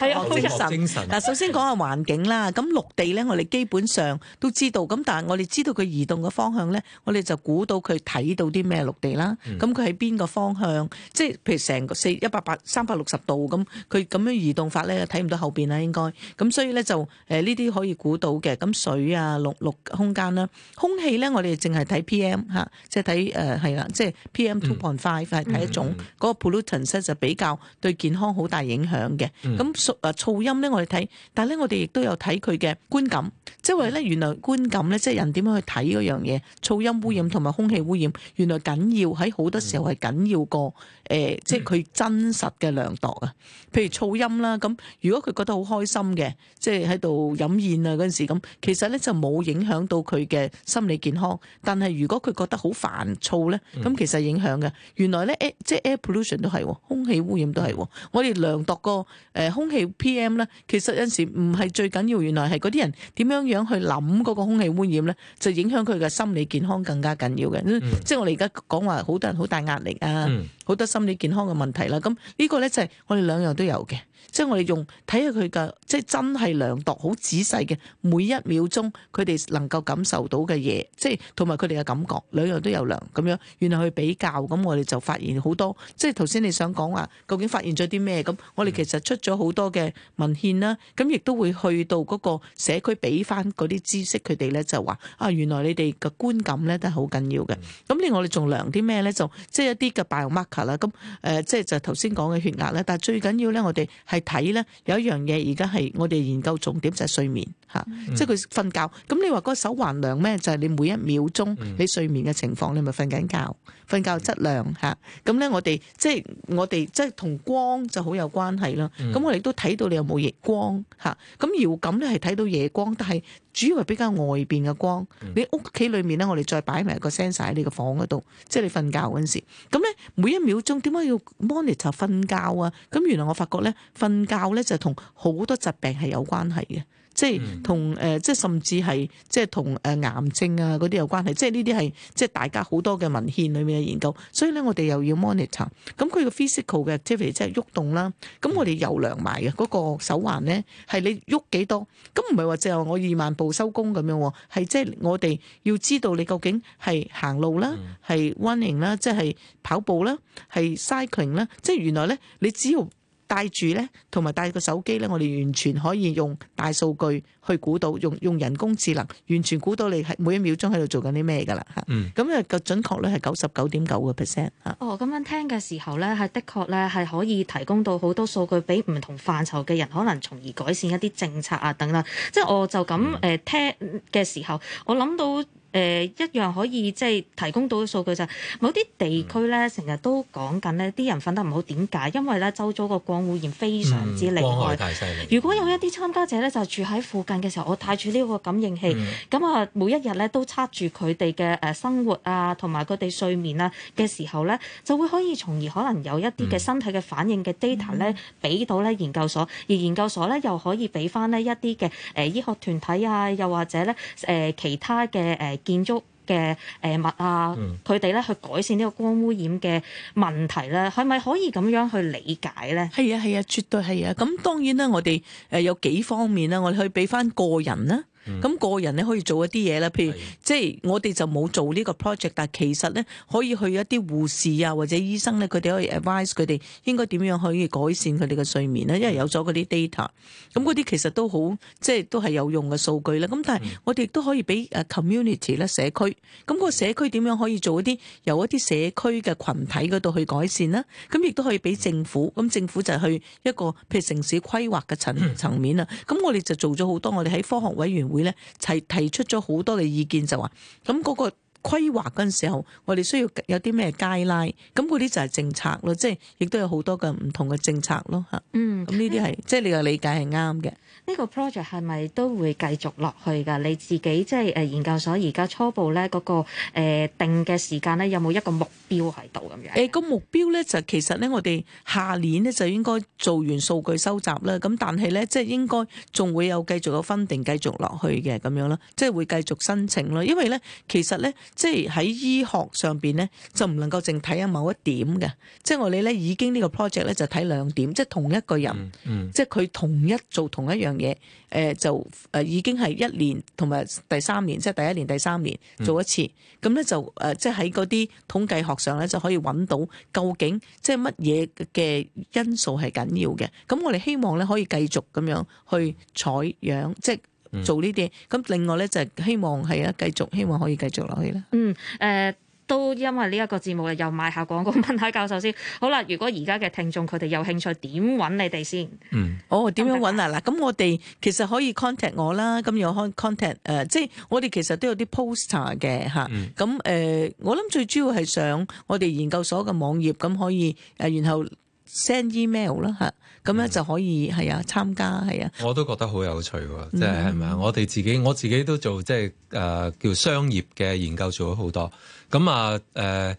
精神。嗱，首先講下環境啦。 啊，咁綠地咧，我哋基本上都知道，咁但係我哋知道佢移動嘅方向咧，我哋就估到佢睇到啲咩綠地啦。咁佢喺邊個方向？即係譬如成個四一百八三百六十度咁，佢咁樣移動法咧，睇唔到後邊啦應該，咁所以咧就誒呢啲可以估到嘅。咁水啊，綠綠空間啦，空氣咧，我哋淨係睇 PM 吓，即係睇誒係啦，即係 PM two point five 係睇一種個 pollution 就比較對健康好大影響嘅。咁誒噪音咧，我哋睇，但係咧我哋亦都有睇。睇佢嘅觀感，即係話咧，原來觀感咧，即係人點樣去睇嗰樣嘢，噪音污染同埋空氣污染，原來緊要喺好多時候係緊要過。誒，即係佢真實嘅量度啊，譬如噪音啦，咁如果佢覺得好開心嘅，即係喺度飲宴啊嗰陣時咁，其實咧就冇影響到佢嘅心理健康。但係如果佢覺得好煩躁咧，咁其實影響嘅。原來咧即係 air pollution 都係空氣污染都係。我哋量度個誒空氣 PM 咧，其實有陣時唔係最緊要，原來係嗰啲人點樣樣去諗嗰個空氣污染咧，就影響佢嘅心理健康更加緊要嘅。即係我哋而家講話好多人好大壓力啊，好多、嗯心理健康嘅問題啦，咁、這、呢個咧就係我哋兩樣都有嘅。即係我哋用睇下佢嘅，即係真係量度好仔細嘅每一秒鐘，佢哋能夠感受到嘅嘢，即係同埋佢哋嘅感覺，兩樣都有量咁樣，原來去比較，咁我哋就發現好多，即係頭先你想講話究竟發現咗啲咩？咁我哋其實出咗好多嘅文獻啦，咁亦都會去到嗰個社區俾翻嗰啲知識，佢哋咧就話啊，原來你哋嘅觀感咧都係好緊要嘅。咁另外我哋仲量啲咩咧？就即係一啲嘅 biomarker 啦，咁、呃、誒即係就頭先講嘅血壓咧。但係最緊要咧，我哋。係睇咧，有一樣嘢而家係我哋研究重點就係、是、睡眠吓，嗯、即係佢瞓覺。咁你話嗰個手環量咩？就係、是、你每一秒鐘你睡眠嘅情況，你咪瞓緊覺？瞓覺質量嚇咁咧，我哋即係我哋即係同光就好有關係咯。咁、mm. 我哋都睇到你有冇夜光嚇咁，啊、遙感咧係睇到夜光，但係主要係比較外邊嘅光。Mm. 你屋企裏面咧，我哋再擺埋一個 sensor 喺你個房嗰度，即係你瞓覺嗰陣時。咁、啊、咧每一秒鐘點解要 monitor 瞓覺啊？咁原來我發覺咧瞓覺咧就同好多疾病係有關係嘅。即係同誒，即係甚至係即係同誒癌症啊嗰啲有關係，即係呢啲係即係大家好多嘅文獻裏面嘅研究，所以咧我哋又要 monitor。咁佢嘅 physical 嘅，即係譬如即係喐動啦，咁我哋又量埋嘅嗰個手環咧，係你喐幾多？咁唔係話淨係我二萬步收工咁樣，係即係我哋要知道你究竟係行路啦，係 running 啦，arning, 即係跑步啦，係 cycling 啦，即係原來咧你只要。帶住咧，同埋帶個手機咧，我哋完全可以用大數據去估到，用用人工智能完全估到你係每一秒鐘喺度做緊啲咩噶啦嚇。咁啊個準確率係九十九點九個 percent 嚇。哦，咁樣聽嘅時候咧，係的確咧係可以提供到好多數據，俾唔同範疇嘅人可能從而改善一啲政策啊等啦。即係我就咁誒、嗯呃、聽嘅時候，我諗到。誒、呃、一樣可以即係提供到嘅數據就係、是、某啲地區咧，成日都講緊咧，啲人瞓得唔好點解？因為咧，周遭個光污染非常之厲害。嗯、厲害。如果有一啲參加者咧，就是、住喺附近嘅時候，我帶住呢個感應器，咁、嗯、啊每一日咧都測住佢哋嘅誒生活啊，同埋佢哋睡眠啊嘅時候咧，就會可以從而可能有一啲嘅身體嘅反應嘅 data 咧，俾、嗯嗯、到咧研究所，而研究所咧又可以俾翻呢一啲嘅誒醫學團體啊，又或者咧誒其他嘅誒。建築嘅誒物啊，佢哋咧去改善呢個光污染嘅問題咧，係咪可以咁樣去理解咧？係啊係啊，絕對係啊！咁當然啦，我哋誒有幾方面啦，我哋去俾翻個人啦。咁、嗯、個人咧可以做一啲嘢啦，譬如是即係我哋就冇做呢個 project，但係其實咧可以去一啲護士啊或者醫生咧，佢哋可以 advise 佢哋應該點樣可以改善佢哋嘅睡眠咧，因為有咗嗰啲 data，咁嗰啲其實都好即係都係有用嘅數據咧。咁但係我哋亦都可以俾誒 community 咧，社區，咁、嗰個社區點樣可以做一啲由一啲社區嘅群體嗰度去改善咧？咁亦都可以俾政府，咁政府就去一個譬如城市規劃嘅層層面啦。咁、嗯、我哋就做咗好多我哋喺科學委員會。咧提提出咗好多嘅意見，就話咁嗰個規劃嗰陣時候，我哋需要有啲咩 guideline，咁嗰啲就係政策咯，即係亦都有好多嘅唔同嘅政策咯吓。嗯，咁呢啲係即係你嘅理解係啱嘅。呢個 project 係咪都會繼續落去㗎？你自己即係誒研究所而家初步咧嗰個誒定嘅時間咧，有冇一個目標喺度咁樣？誒個目標咧就其實咧，我哋下年咧就應該做完數據收集啦。咁但係咧，即係應該仲會有繼續嘅 funding 繼續落去嘅咁樣咯。即係會繼續申請咯。因為咧，其實咧，即係喺醫學上邊咧，就唔能夠淨睇緊某一點嘅。即係我哋咧已經呢個 project 咧就睇兩點，即係同一個人，嗯嗯、即係佢同一做同一樣。嘢，誒就誒已經係一年同埋第三年，即係第一年、第三年做一次，咁咧就誒即係喺嗰啲統計學上咧就可以揾到究竟即係乜嘢嘅因素係緊要嘅。咁我哋希望咧可以繼續咁樣去採樣，即係做呢啲。咁另外咧就係希望係啊，繼續希望可以繼續落去啦。嗯，誒、呃。都因為呢一個節目又賣下廣告。問下教授先，好啦。如果而家嘅聽眾佢哋有興趣，點揾你哋先？嗯，好、哦，點樣揾啊？嗱、嗯，咁我哋其實可以 contact 我啦。咁有 contact 誒、呃，即係我哋其實都有啲 poster 嘅嚇。咁、啊、誒、嗯呃，我諗最主要係上我哋研究所嘅網頁，咁可以誒、呃，然後。send email 啦嚇，咁樣就可以係、嗯、啊，參加係啊，我都覺得好有趣喎，即係係咪啊？我哋自己我自己都做即係誒叫商業嘅研究做咗好多，咁啊誒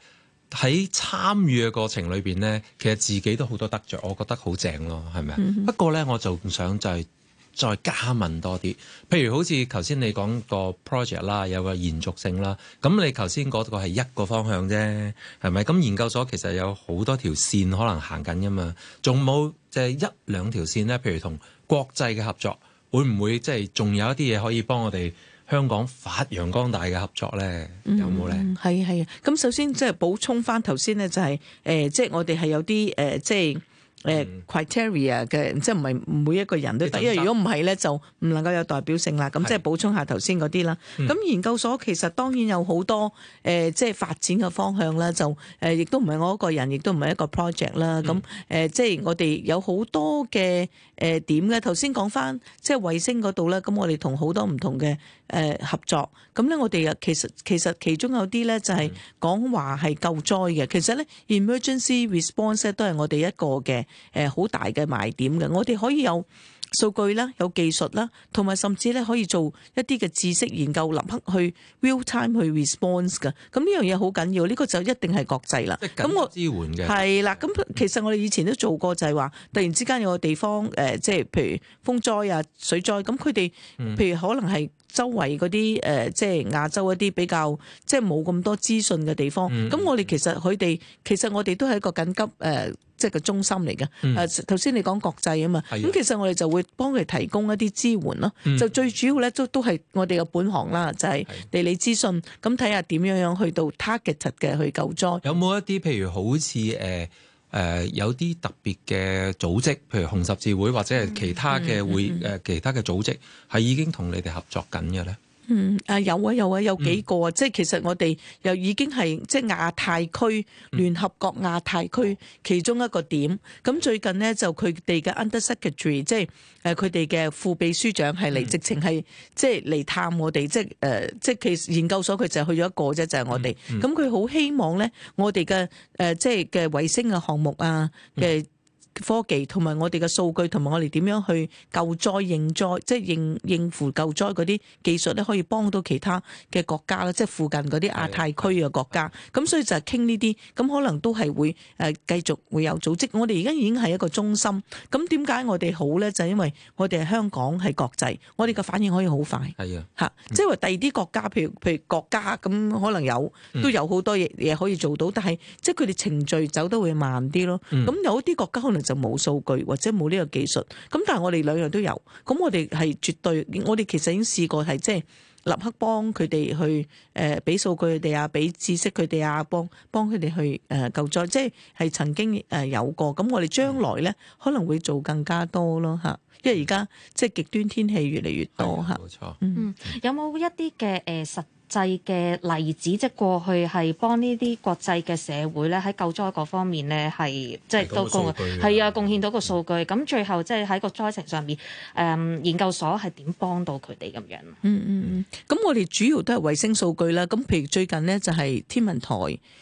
喺參與嘅過程裏邊咧，其實自己都好多得着，我覺得好正咯，係咪啊？嗯、哼不過咧，我就唔想就係、是。再加問多啲，譬如好似頭先你講個 project 啦，有個延續性啦。咁你頭先嗰個係一個方向啫，係咪？咁研究所其實有好多條線可能行緊噶嘛，仲冇即係一兩條線咧。譬如同國際嘅合作，會唔會即係仲有一啲嘢可以幫我哋香港發揚光大嘅合作咧？嗯、有冇咧？係係。咁首先即係補充翻頭先咧，就係、誒，即係我哋係有啲誒，即係。誒、呃、criteria 嘅，即係唔係每一個人都得？嗯、因為如果唔係咧，就唔能夠有代表性啦。咁即係補充下頭先嗰啲啦。咁、嗯、研究所其實當然有好多誒、呃、即係發展嘅方向啦。就誒、呃、亦都唔係我一個人，亦都唔係一個 project 啦。咁誒、嗯呃、即係我哋有好多嘅誒點嘅。頭先講翻即係衛星嗰度咧，咁我哋同好多唔同嘅誒合作。咁咧，我哋又其實其實其中有啲咧就係、是、講話係救災嘅，其實咧 emergency response 都係我哋一個嘅。誒，好大嘅賣點嘅，我哋可以有數據啦，有技術啦，同埋甚至咧可以做一啲嘅知識研究，立刻去 real time 去 response 噶。咁呢樣嘢好緊要，呢個就一定係國際啦。咁我支援嘅係啦。咁其實我哋以前都做過，就係話突然之間有個地方誒，即係譬如風災啊、水災，咁佢哋譬如可能係。周圍嗰啲誒，即係亞洲一啲比較即係冇咁多資訊嘅地方，咁、嗯、我哋其實佢哋其實我哋都係一個緊急誒、呃，即係個中心嚟嘅。誒，頭先你講國際啊嘛，咁的其實我哋就會幫佢提供一啲支援咯。嗯、就最主要咧，都都係我哋嘅本行啦，就係、是、地理資訊，咁睇下點樣樣去到 targeted 嘅去救災。有冇一啲譬如好似誒、呃誒、呃、有啲特別嘅組織，譬如紅十字會或者係其他嘅會誒、嗯嗯嗯呃、其他嘅組織，係已經同你哋合作緊嘅咧？嗯，啊有啊有啊，有幾個啊，嗯、即係其實我哋又已經係即係亞太區聯合國亞太區其中一個點。咁最近呢，就佢哋嘅 under secretary，即係誒佢哋嘅副秘書長係嚟，直情係即係嚟探我哋，即係誒即係其實研究所佢就去咗一個啫，就係、是、我哋。咁佢好希望咧，我哋嘅誒即係嘅衛星嘅項目啊嘅。嗯嗯科技同埋我哋嘅數據同埋我哋點樣去救災應災，即係應應付救災嗰啲技術咧，可以幫到其他嘅國家啦，即係附近嗰啲亞太區嘅國家。咁所以就係傾呢啲，咁可能都係會誒繼、呃、續會有組織，我哋而家已經係一個中心。咁點解我哋好咧？就係、是、因為我哋係香港係國際，我哋嘅反應可以好快。係啊的，吓、嗯，即係話第二啲國家，譬如譬如國家咁，可能有都有好多嘢嘢，可以做到，但係即係佢哋程序走得會慢啲咯。咁有一啲國家可能。就冇數據或者冇呢個技術，咁但係我哋兩樣都有，咁我哋係絕對，我哋其實已經試過係即係立刻幫佢哋去誒俾數據佢哋啊，俾知識佢哋啊，幫幫佢哋去誒救災，即係係曾經誒有過，咁我哋將來咧可能會做更加多咯，吓，因為而家即係極端天氣越嚟越多吓，冇錯，嗯，嗯有冇一啲嘅誒實？制嘅例子，即係過去係幫呢啲國際嘅社會咧，喺救災嗰方面咧，係即係都供係啊，貢獻到個數據，咁、嗯、最後即係喺個災情上面，誒、嗯、研究所係點幫到佢哋咁樣嗯嗯嗯。咁、嗯、我哋主要都係衛星數據啦。咁譬如最近咧就係天文台，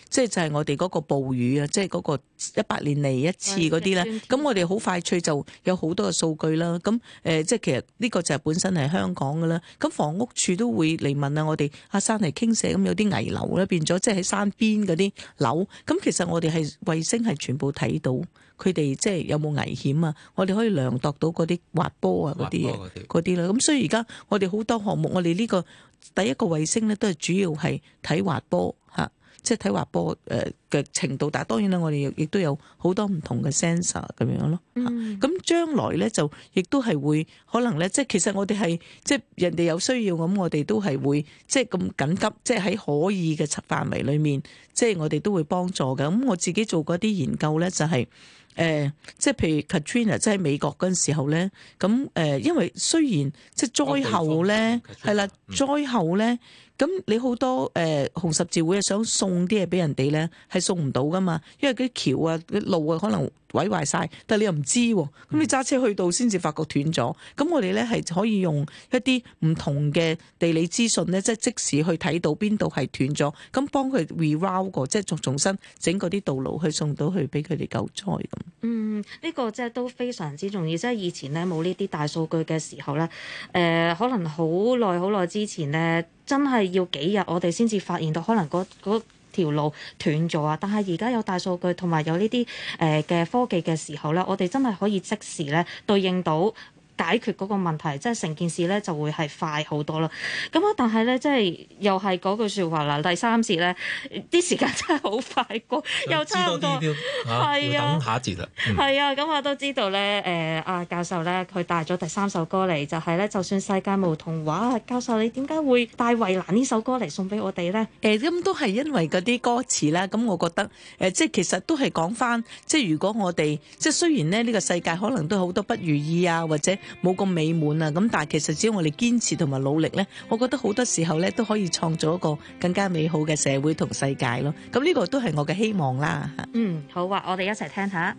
即係就係、是、我哋嗰個暴雨啊，即係嗰個一百年嚟一次嗰啲咧。咁、嗯嗯、我哋好快脆就有好多嘅數據啦。咁誒即係其實呢個就係本身係香港噶啦。咁房屋處都會嚟問啊，我、啊、哋。啊啊啊啊山係傾瀉咁，有啲危樓咧，變咗即係喺山邊嗰啲樓。咁其實我哋係衛星係全部睇到，佢哋即係有冇危險啊？我哋可以量度到嗰啲滑坡啊，嗰啲嘢，嗰啲啦。咁所以而家我哋好多項目，我哋呢個第一個衛星咧，都係主要係睇滑坡吓。即係睇滑坡誒嘅程度，但係當然啦，我哋亦亦都有好多唔同嘅 sensor 咁樣咯。咁將、嗯啊、來咧就亦都係會可能咧，即係其實我哋係即係人哋有需要咁，我哋都係會即係咁緊急，即係喺可以嘅範圍裡面，即係我哋都會幫助嘅。咁我自己做過一啲研究咧，就係、是、誒、呃，即係譬如 Katrina 即喺美國嗰陣時候咧，咁誒，因為雖然即係災後咧，係、啊、啦，災、嗯、後咧。咁你好多誒、呃、紅十字會啊，想送啲嘢俾人哋咧，係送唔到噶嘛？因為啲橋啊、路啊，可能毀壞晒。但係你又唔知喎、啊。咁你揸車去到先至發覺斷咗。咁我哋咧係可以用一啲唔同嘅地理資訊咧，即係即時去睇到邊度係斷咗，咁幫佢 reroute 過，即係作重新整嗰啲道路去送到去俾佢哋救災咁。嗯，呢、這個即係都非常之重要。即係以前咧冇呢啲大數據嘅時候咧，誒、呃、可能好耐好耐之前咧。真係要幾日我哋先至發現到可能嗰嗰條路斷咗啊！但係而家有大數據同埋有呢啲誒嘅科技嘅時候咧，我哋真係可以即時咧對應到。解決嗰個問題，即係成件事咧就會係快好多啦。咁啊，但係咧，即係又係嗰句説話啦。第三節咧，啲時間真係好快過，又差唔多，係啊，要等下一節啦。係、嗯、啊，咁我都知道咧，誒、呃、啊教授咧，佢帶咗第三首歌嚟，就係、是、咧，就算世界無童話，教授你點解會帶衛蘭呢首歌嚟送俾我哋咧？誒咁、欸、都係因為嗰啲歌詞啦。咁我覺得誒、呃，即係其實都係講翻，即係如果我哋即係雖然咧呢、這個世界可能都好多不如意啊，或者冇咁美滿啊！咁但係其實只要我哋堅持同埋努力咧，我覺得好多時候咧都可以創造一個更加美好嘅社會同世界咯。咁呢個都係我嘅希望啦。嗯，好啊，我哋一齊聽下。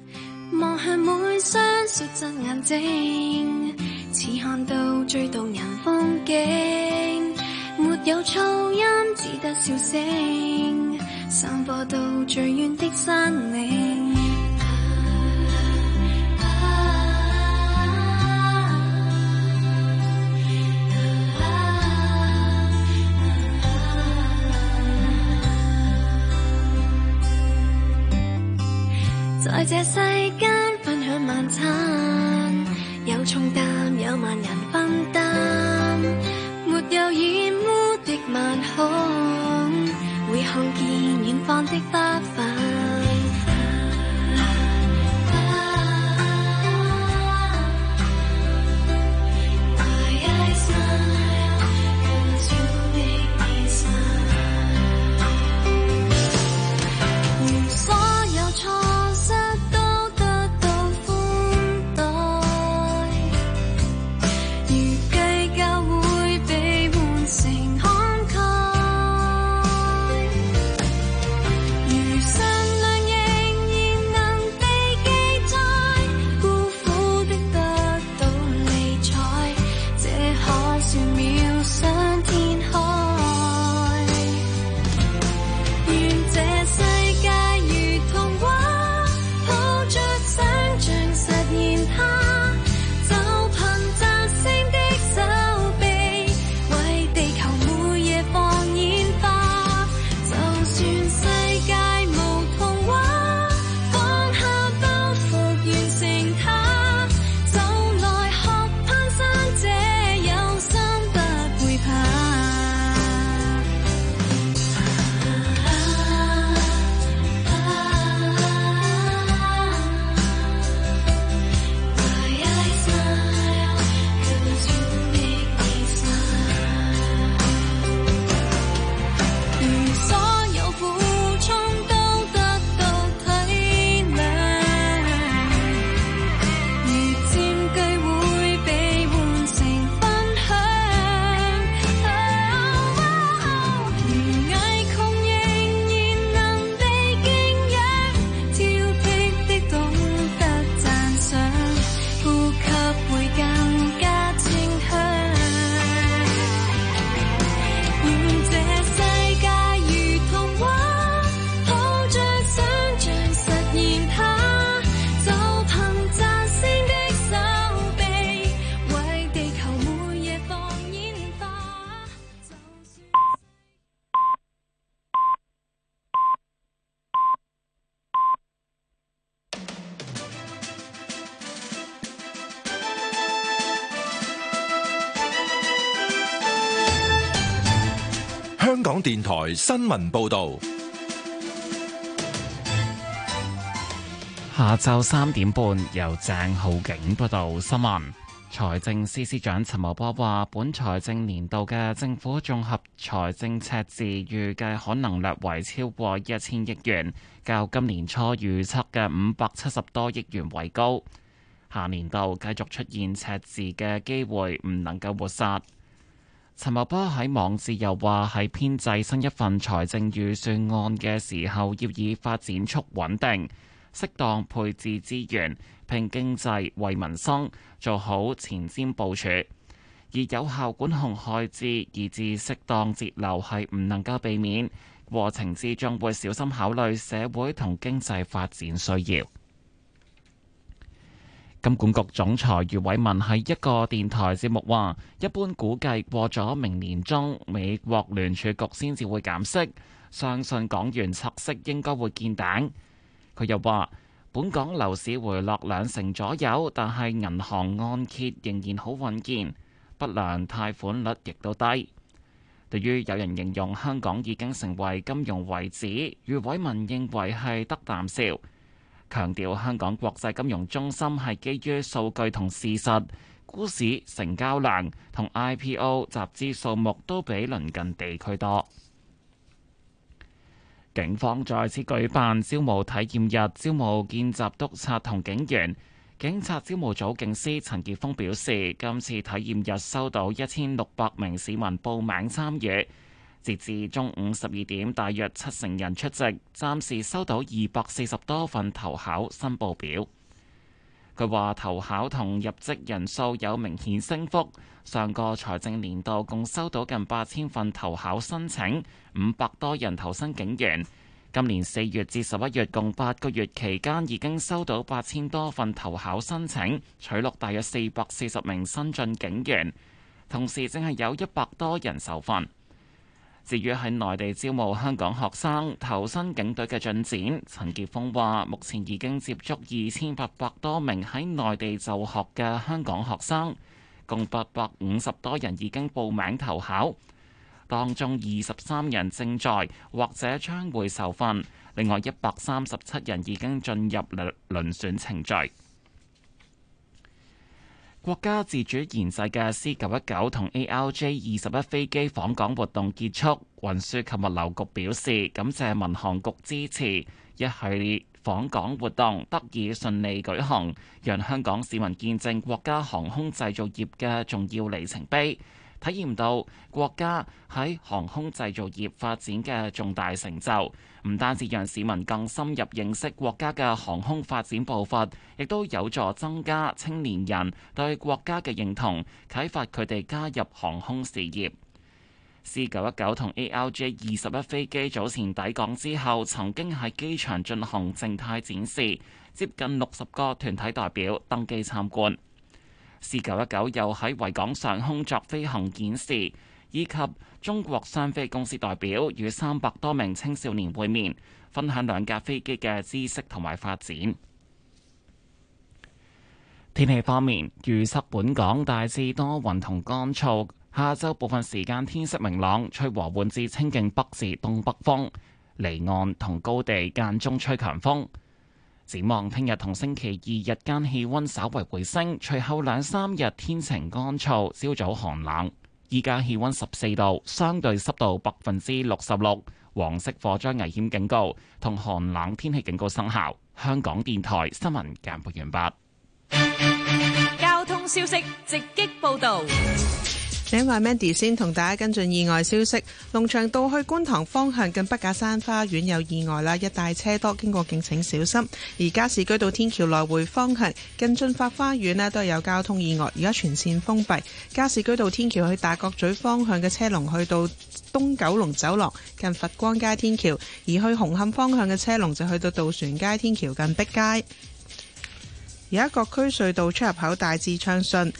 嗯、聽聽望向每雙率真眼睛，似看到最動人風景。沒有噪音，只得笑聲，散播到最遠的山嶺。在這世間分享晚餐，有重擔，有萬人分擔。台新聞報道，下晝三點半由鄭浩景報道新聞。財政司司長陳茂波話，本財政年度嘅政府綜合財政赤字預計可能略為超過一千億元，較今年初預測嘅五百七十多億元為高。下年度繼續出現赤字嘅機會唔能夠抹殺。陳茂波喺網誌又話：喺編製新一份財政預算案嘅時候，要以發展促穩定，適當配置資源，拼經濟為民生做好前瞻部署，而有效管控開支以至適當節流係唔能夠避免，過程之中會小心考慮社會同經濟發展需要。金管局總裁余偉文喺一個電台節目話，一般估計過咗明年中，美國聯儲局先至會減息，相信港元拆息應該會見頂。佢又話，本港樓市回落兩成左右，但係銀行按揭仍然好穩健，不良貸款率亦都低。對於有人形容香港已經成為金融遺址，余偉文認為係得啖笑。強調香港國際金融中心係基於數據同事實，股市成交量同 IPO 集資數目都比鄰近地區多。警方再次舉辦招募體驗日，招募見習督察同警員。警察招募組警司陳傑峰表示，今次體驗日收到一千六百名市民報名參與。截至中午十二點，大約七成人出席，暫時收到二百四十多份投考申報表。佢話投考同入職人數有明顯升幅。上個財政年度共收到近八千份投考申請，五百多人投身警員。今年四月至十一月共八個月期間，已經收到八千多份投考申請，取錄大約四百四十名新進警員，同時淨係有一百多人受訓。至於喺內地招募香港學生投身警隊嘅進展，陳潔峰話：目前已經接觸二千八百多名喺內地就學嘅香港學生，共八百五十多人已經報名投考，當中二十三人正在或者將會受訓，另外一百三十七人已經進入輪選程序。國家自主研製嘅 C 九一九同 ARJ 二十一飛機訪港活動結束，運輸及物流局表示感謝民航局支持，一系列訪港活動得以順利舉行，讓香港市民見證國家航空製造業嘅重要里程碑，體驗到國家喺航空製造業發展嘅重大成就。唔單止讓市民更深入認識國家嘅航空發展步伐，亦都有助增加青年人對國家嘅認同，啟發佢哋加入航空事業。C919 同 ARJ21 飛機早前抵港之後，曾經喺機場進行靜態展示，接近六十個團體代表登機參觀。C919 又喺維港上空作飛行演示，以及中國商飛公司代表與三百多名青少年會面，分享兩架飛機嘅知識同埋發展。天氣方面，預測本港大致多雲同乾燥，下晝部分時間天色明朗，吹和緩至清勁北至東北風，離岸同高地間中吹強風。展望聽日同星期二日間氣温稍為回升，隨後兩三日天晴乾燥，朝早寒冷。依家氣温十四度，相對濕度百分之六十六，黃色火災危險警告同寒冷天氣警告生效。香港電台新聞簡報完畢。交通消息直擊報道。另外，Mandy 先同大家跟進意外消息，龍翔道去觀塘方向近畢架山花園有意外啦，一帶車多，經過敬請小心。而加士居道天橋來回方向近駿發花園呢都係有交通意外，而家全線封閉。加士居道天橋去大角咀方向嘅車龍去到東九龍走廊近佛光街天橋，而去紅磡方向嘅車龍就去到渡船街天橋近碧街。而家各區隧道出入口大致暢順。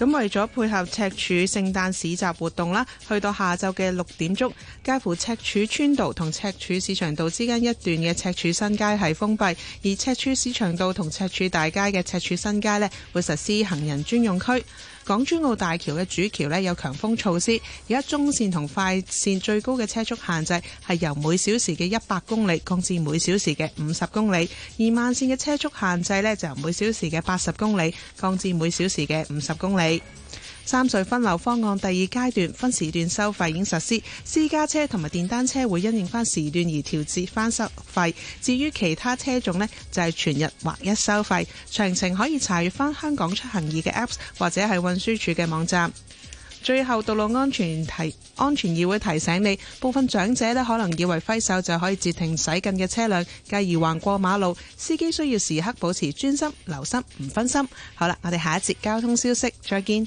咁為咗配合赤柱聖誕市集活動啦，去到下晝嘅六點鐘，介乎赤柱村道同赤柱市場道之間一段嘅赤柱新街係封閉，而赤柱市場道同赤柱大街嘅赤柱新街呢，會實施行人專用區。港珠澳大橋嘅主橋咧有強風措施，而家中線同快線最高嘅車速限制係由每小時嘅一百公里降至每小時嘅五十公里，而慢線嘅車速限制咧就由每小時嘅八十公里降至每小時嘅五十公里。三隧分流方案第二階段分時段收費已經實施，私家車同埋電單車會因應翻時段而調節翻收費。至於其他車種呢，就係、是、全日劃一收費。詳情可以查閱翻香港出行易嘅 apps 或者係運輸署嘅網站。最後，道路安全提安全議會提醒你，部分長者呢可能以為揮手就可以截停駛近嘅車輛，繼而橫過馬路。司機需要時刻保持專心、留心唔分心。好啦，我哋下一節交通消息再見。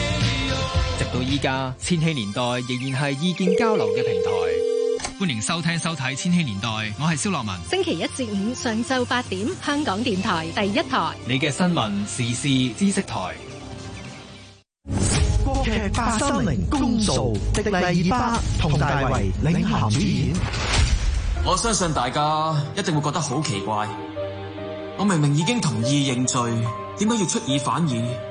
直到依家，千禧年代仍然係意見交流嘅平台。歡迎收聽收睇千禧年代，我係蕭樂文。星期一至五上晝八點，香港電台第一台。你嘅新聞時事知識台。《國劇八三零》公訴，迪麗熱巴同大為領銜主演。我相信大家一定會覺得好奇怪，我明明已經同意認罪，點解要出爾反爾？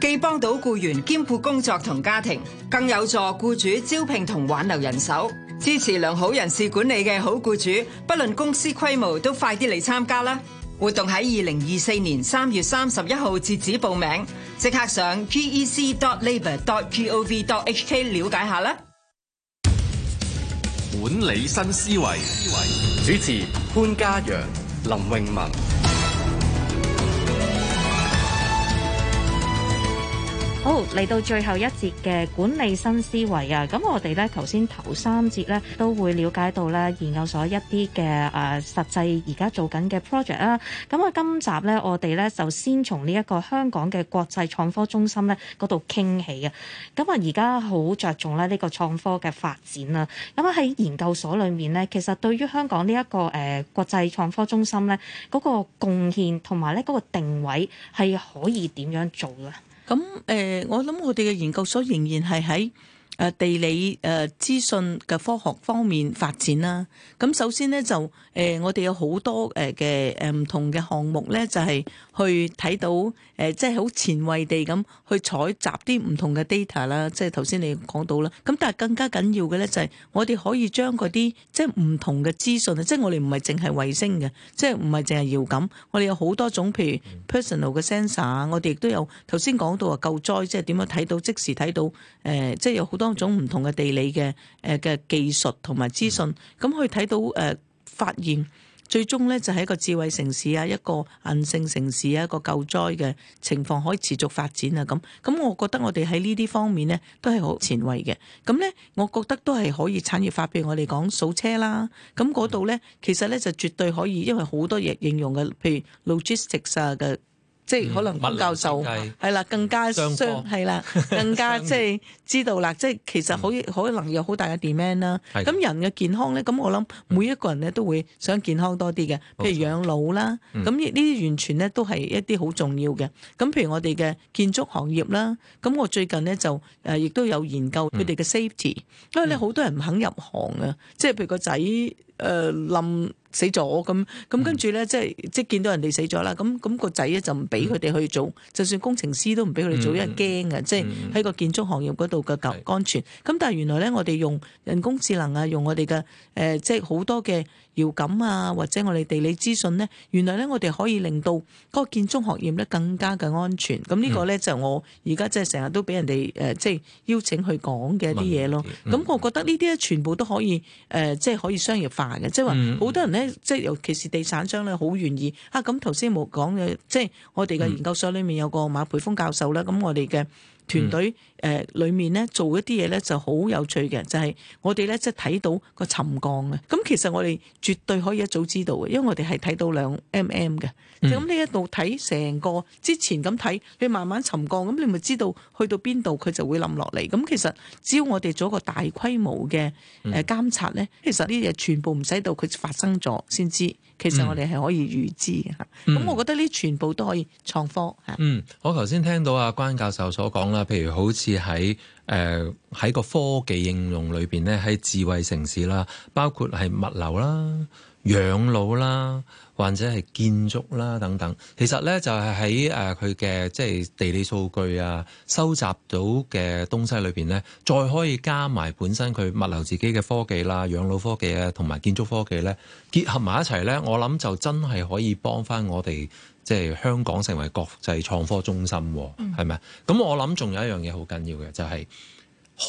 既幫到雇員兼顧工作同家庭，更有助雇主招聘同挽留人手。支持良好人事管理嘅好雇主，不論公司規模，都快啲嚟參加啦！活動喺二零二四年三月三十一號截止報名，即刻上 pec.labour.gov.hk 了解下啦！管理新思維，思維主持潘嘉陽、林詠雯。好，嚟到最後一節嘅管理新思維啊！咁我哋咧頭先頭三節咧都會了解到咧研究所一啲嘅誒實際而家做緊嘅 project 啦。咁啊，今集咧我哋咧就先從呢一個香港嘅國際創科中心咧嗰度傾起啊。咁啊，而家好着重咧呢個創科嘅發展啦。咁啊，喺研究所裏面咧，其實對於香港呢、呢、一個誒、呃、國際創科中心咧嗰、嗰個貢獻同埋咧嗰個定位係可以點樣做咧？咁誒、呃，我諗我哋嘅研究所仍然係喺誒地理誒、呃、資訊嘅科學方面發展啦。咁首先咧就誒、呃，我哋有好多誒嘅誒唔同嘅項目咧，就係、是、去睇到。誒，即係好前衛地咁去採集啲唔同嘅 data 啦，即係頭先你講到啦。咁但係更加緊要嘅呢，就係我哋可以將嗰啲即係唔同嘅資訊，即係我哋唔係淨係衛星嘅，即係唔係淨係遙感，我哋有好多種，譬如 personal 嘅 sensor 我哋亦都有。頭先講到啊，救災即係點樣睇到即時睇到誒，即係有好多種唔同嘅地理嘅誒嘅技術同埋資訊，咁去睇到誒、呃、發現。最終咧就係、是、一個智慧城市啊，一個韌性城，城市啊，一個救災嘅情況可以持續發展啊，咁咁我覺得我哋喺呢啲方面咧都係好前衞嘅。咁咧，我覺得都係可以產業化，譬如我哋講數車啦，咁嗰度咧其實咧就絕對可以，因為好多嘢應用嘅，譬如 logistics 啊嘅。即係可能古教授係啦，界更加相係波啦， 更加即係 知道啦。即係其實好、嗯、可能有好大嘅 demand 啦的。咁人嘅健康咧，咁我諗每一個人咧都會想健康多啲嘅，譬如養老啦。咁呢啲完全咧都係一啲好重要嘅。咁譬如我哋嘅建築行業啦，咁我最近咧就誒亦、呃、都有研究佢哋嘅 safety、嗯、因為咧好多人唔肯入行啊，即係譬如個仔誒冧。呃呃呃呃呃呃呃呃死咗咁咁跟住咧，即係即係見到人哋死咗啦，咁咁個仔咧就唔俾佢哋去做，嗯、就算工程師都唔俾佢哋做，嗯、因為驚嘅，即係喺個建築行業嗰度嘅求安全。咁、嗯、但係原來咧，我哋用人工智能啊，用我哋嘅誒，即係好多嘅。遙感啊，或者我哋地理資訊咧，原來咧我哋可以令到嗰個建築學業咧更加嘅安全。咁呢個咧、嗯、就我而家即係成日都俾人哋誒即係邀請去講嘅一啲嘢咯。咁、嗯嗯、我覺得呢啲咧全部都可以誒即係可以商業化嘅，即係話好多人咧即係尤其是地產商咧好願意啊。咁頭先冇講嘅，即、就、係、是、我哋嘅研究所裏面有個馬培峰教授啦。咁我哋嘅團隊。嗯嗯嗯嗯嗯誒，裡面咧做一啲嘢咧就好有趣嘅，就係、是、我哋咧即係睇到個沉降嘅。咁其實我哋絕對可以一早知道嘅，因為我哋係睇到兩 mm 嘅。咁呢一度睇成個之前咁睇，你慢慢沉降，咁你咪知道去到邊度佢就會冧落嚟。咁其實只要我哋做一個大規模嘅誒監察咧，嗯、其實呢啲嘢全部唔使到佢發生咗先知。其實我哋係可以預知。嘅、嗯。咁、嗯、我覺得呢全部都可以創科。嗯，我頭先聽到阿關教授所講啦，譬如好似。喺誒，喺個、呃、科技應用裏邊咧，喺智慧城市啦，包括係物流啦、養老啦，或者係建築啦等等。其實咧，就係喺誒佢嘅即係地理數據啊，收集到嘅東西裏邊咧，再可以加埋本身佢物流自己嘅科技啦、養老科技啊，同埋建築科技咧，結合埋一齊咧，我諗就真係可以幫翻我哋。即係香港成為國際創科中心，係咪？咁、嗯、我諗仲有一樣嘢好緊要嘅，就係、是、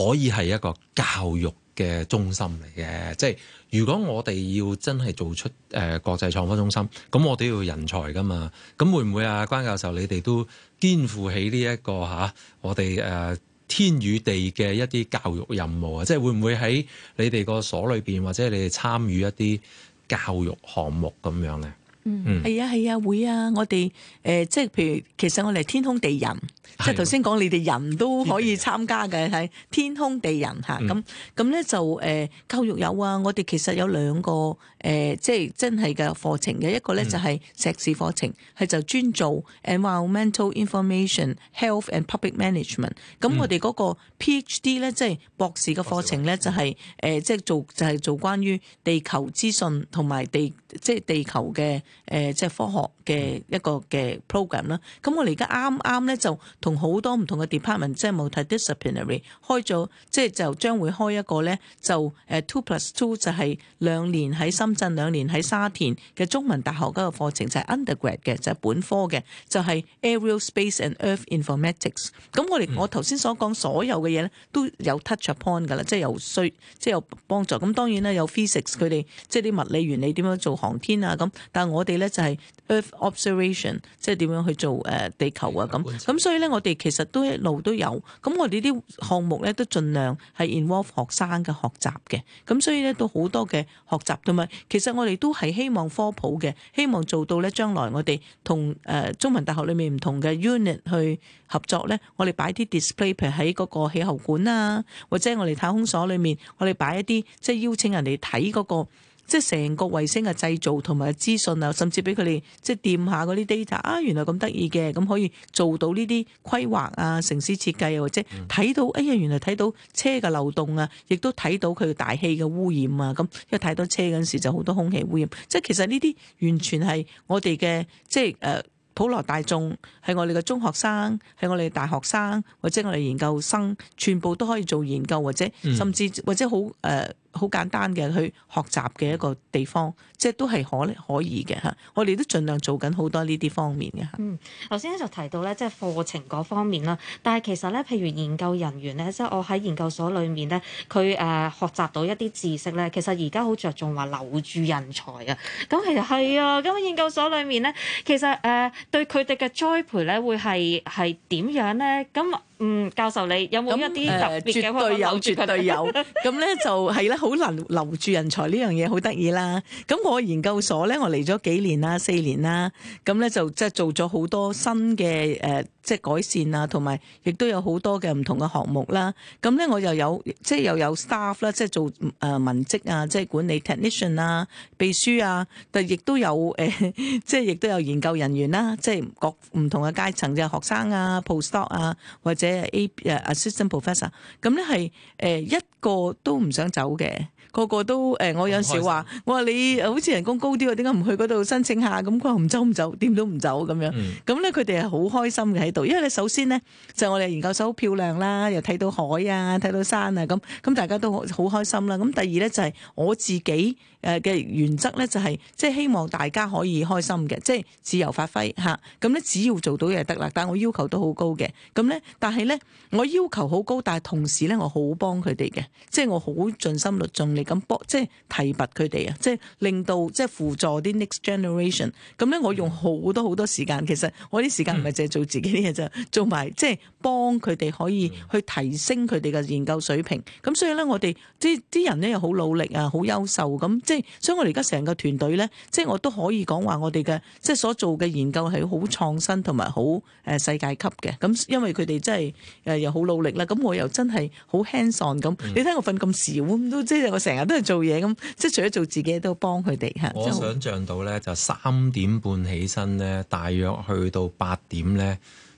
可以係一個教育嘅中心嚟嘅。即係如果我哋要真係做出誒國際創科中心，咁我哋要人才㗎嘛。咁會唔會啊，關教授，你哋都肩負起呢、這個啊呃、一個嚇我哋誒天與地嘅一啲教育任務啊？即係會唔會喺你哋個所裏邊，或者你哋參與一啲教育項目咁樣咧？嗯，係啊，係啊，會啊，我哋誒、呃，即係譬如，其實我哋係天空地人，的即係頭先講你哋人都可以參加嘅，係天空地人吓，咁咁咧就誒、呃，教育有啊，我哋其實有兩個。誒、呃、即係真係嘅課程嘅一個咧就係碩士課程，係、mm. 就專做 environmental information health and public management。咁我哋嗰個 PhD 咧、mm. 即係博士嘅課程咧就係誒即係做就係、是、做關於地球資訊同埋地即係、就是、地球嘅誒即係科學嘅一個嘅 program 啦。咁我哋而家啱啱咧就同好多唔同嘅 department 即係 multidisciplinary 開咗即係就是、將會開一個咧就誒 two plus two 就係兩年喺深。近兩年喺沙田嘅中文大學嗰個課程就係 undergrad 嘅，就係、是就是、本科嘅，就係、是、Aerial Space and Earth Informatics。咁我哋、嗯、我頭先所講所有嘅嘢咧都有 touchpoint 噶啦，即、就、係、是、有需，即係有幫助。咁當然啦，有 physics，佢哋即係、就、啲、是、物理原理點樣做航天啊咁。但係我哋咧就係 Earth Observation，即係點樣去做誒地球啊咁。咁、嗯、所以咧我哋其實都一路都有。咁我哋啲項目咧都盡量係 involve 學生嘅學習嘅。咁所以咧都好多嘅學習同埋。其實我哋都係希望科普嘅，希望做到咧，將來我哋同誒中文大學裏面唔同嘅 unit 去合作咧，我哋擺啲 display，譬如喺嗰個氣候館啊，或者我哋太空所裏面，我哋擺一啲即係邀請人哋睇嗰個。即係成個衛星嘅製造同埋資訊啊，甚至俾佢哋即係掂下嗰啲 data 啊，原來咁得意嘅，咁可以做到呢啲規劃啊、城市設計啊，或者睇到，哎呀，原來睇到車嘅漏洞啊，亦都睇到佢大氣嘅污染啊，咁因為太多車嗰陣時就好多空氣污染。即係其實呢啲完全係我哋嘅，即係誒、啊、普羅大眾，係我哋嘅中學生，係我哋嘅大學生，或者我哋研究生，全部都可以做研究，或者甚至或者好誒。啊好簡單嘅，去學習嘅一個地方，即係都係可可以嘅嚇。我哋都盡量做緊好多呢啲方面嘅嚇。嗯，頭先咧就提到咧，即係課程嗰方面啦。但係其實咧，譬如研究人員咧，即係我喺研究所裏面咧，佢誒學習到一啲知識咧，其實而家好著重話留住人才啊。咁其實係啊，咁喺研究所裏面咧，其實誒對佢哋嘅栽培咧，會係係點樣咧？咁嗯，教授你有冇一啲特別嘅方法留住佢哋？絕對有、絕對有。咁咧、嗯、 就係咧，好難留住人才，呢樣嘢好得意啦。咁我研究所咧，我嚟咗幾年啦，四年啦。咁咧就即係做咗好多新嘅誒。呃即係改善啊，同埋亦都有好多嘅唔同嘅項目啦。咁咧我又有即係又有 staff 啦，即係做誒文職啊，即係管理 technician 啊、秘書啊，但亦都有誒，即係亦都有研究人員啦，即係各唔同嘅階層嘅學生啊、postdoc 啊，doc，或者 a 誒 assistant professor。咁咧係誒一個都唔想走嘅。個個都誒、欸，我有時話，我話你好似人工高啲，我點解唔去嗰度申請下？咁佢話唔走唔走，點都唔走咁樣。咁咧佢哋係好開心嘅喺度，因為咧首先咧就係、我哋研究所好漂亮啦，又睇到海啊，睇到山啊咁，咁大家都好開心啦。咁第二咧就係我自己。誒嘅原則咧就係，即係希望大家可以開心嘅，即係自由發揮嚇。咁咧只要做到嘢得啦，但係我，我要求都好高嘅。咁咧，但係咧我要求好高，但係同時咧我好幫佢哋嘅，即係我好盡心盡力咁幫，即係提拔佢哋啊，即係令到即係輔助啲 next generation。咁咧我用好多好多時間，其實我啲時間唔係淨係做自己嘅嘢咋，做埋即係幫佢哋可以去提升佢哋嘅研究水平。咁所以咧我哋即係啲人咧又好努力啊，好優秀咁。即係，所以我哋而家成個團隊咧，即係我都可以講話，我哋嘅即係所做嘅研究係好創新同埋好誒世界級嘅。咁因為佢哋真係誒、呃、又好努力啦。咁我又真係好 hands-on 咁。嗯、你睇我瞓咁少，咁都即係我成日都係做嘢咁。即係除咗做自己，都幫佢哋。我想像到咧，就三點半起身咧，大約去到八點咧，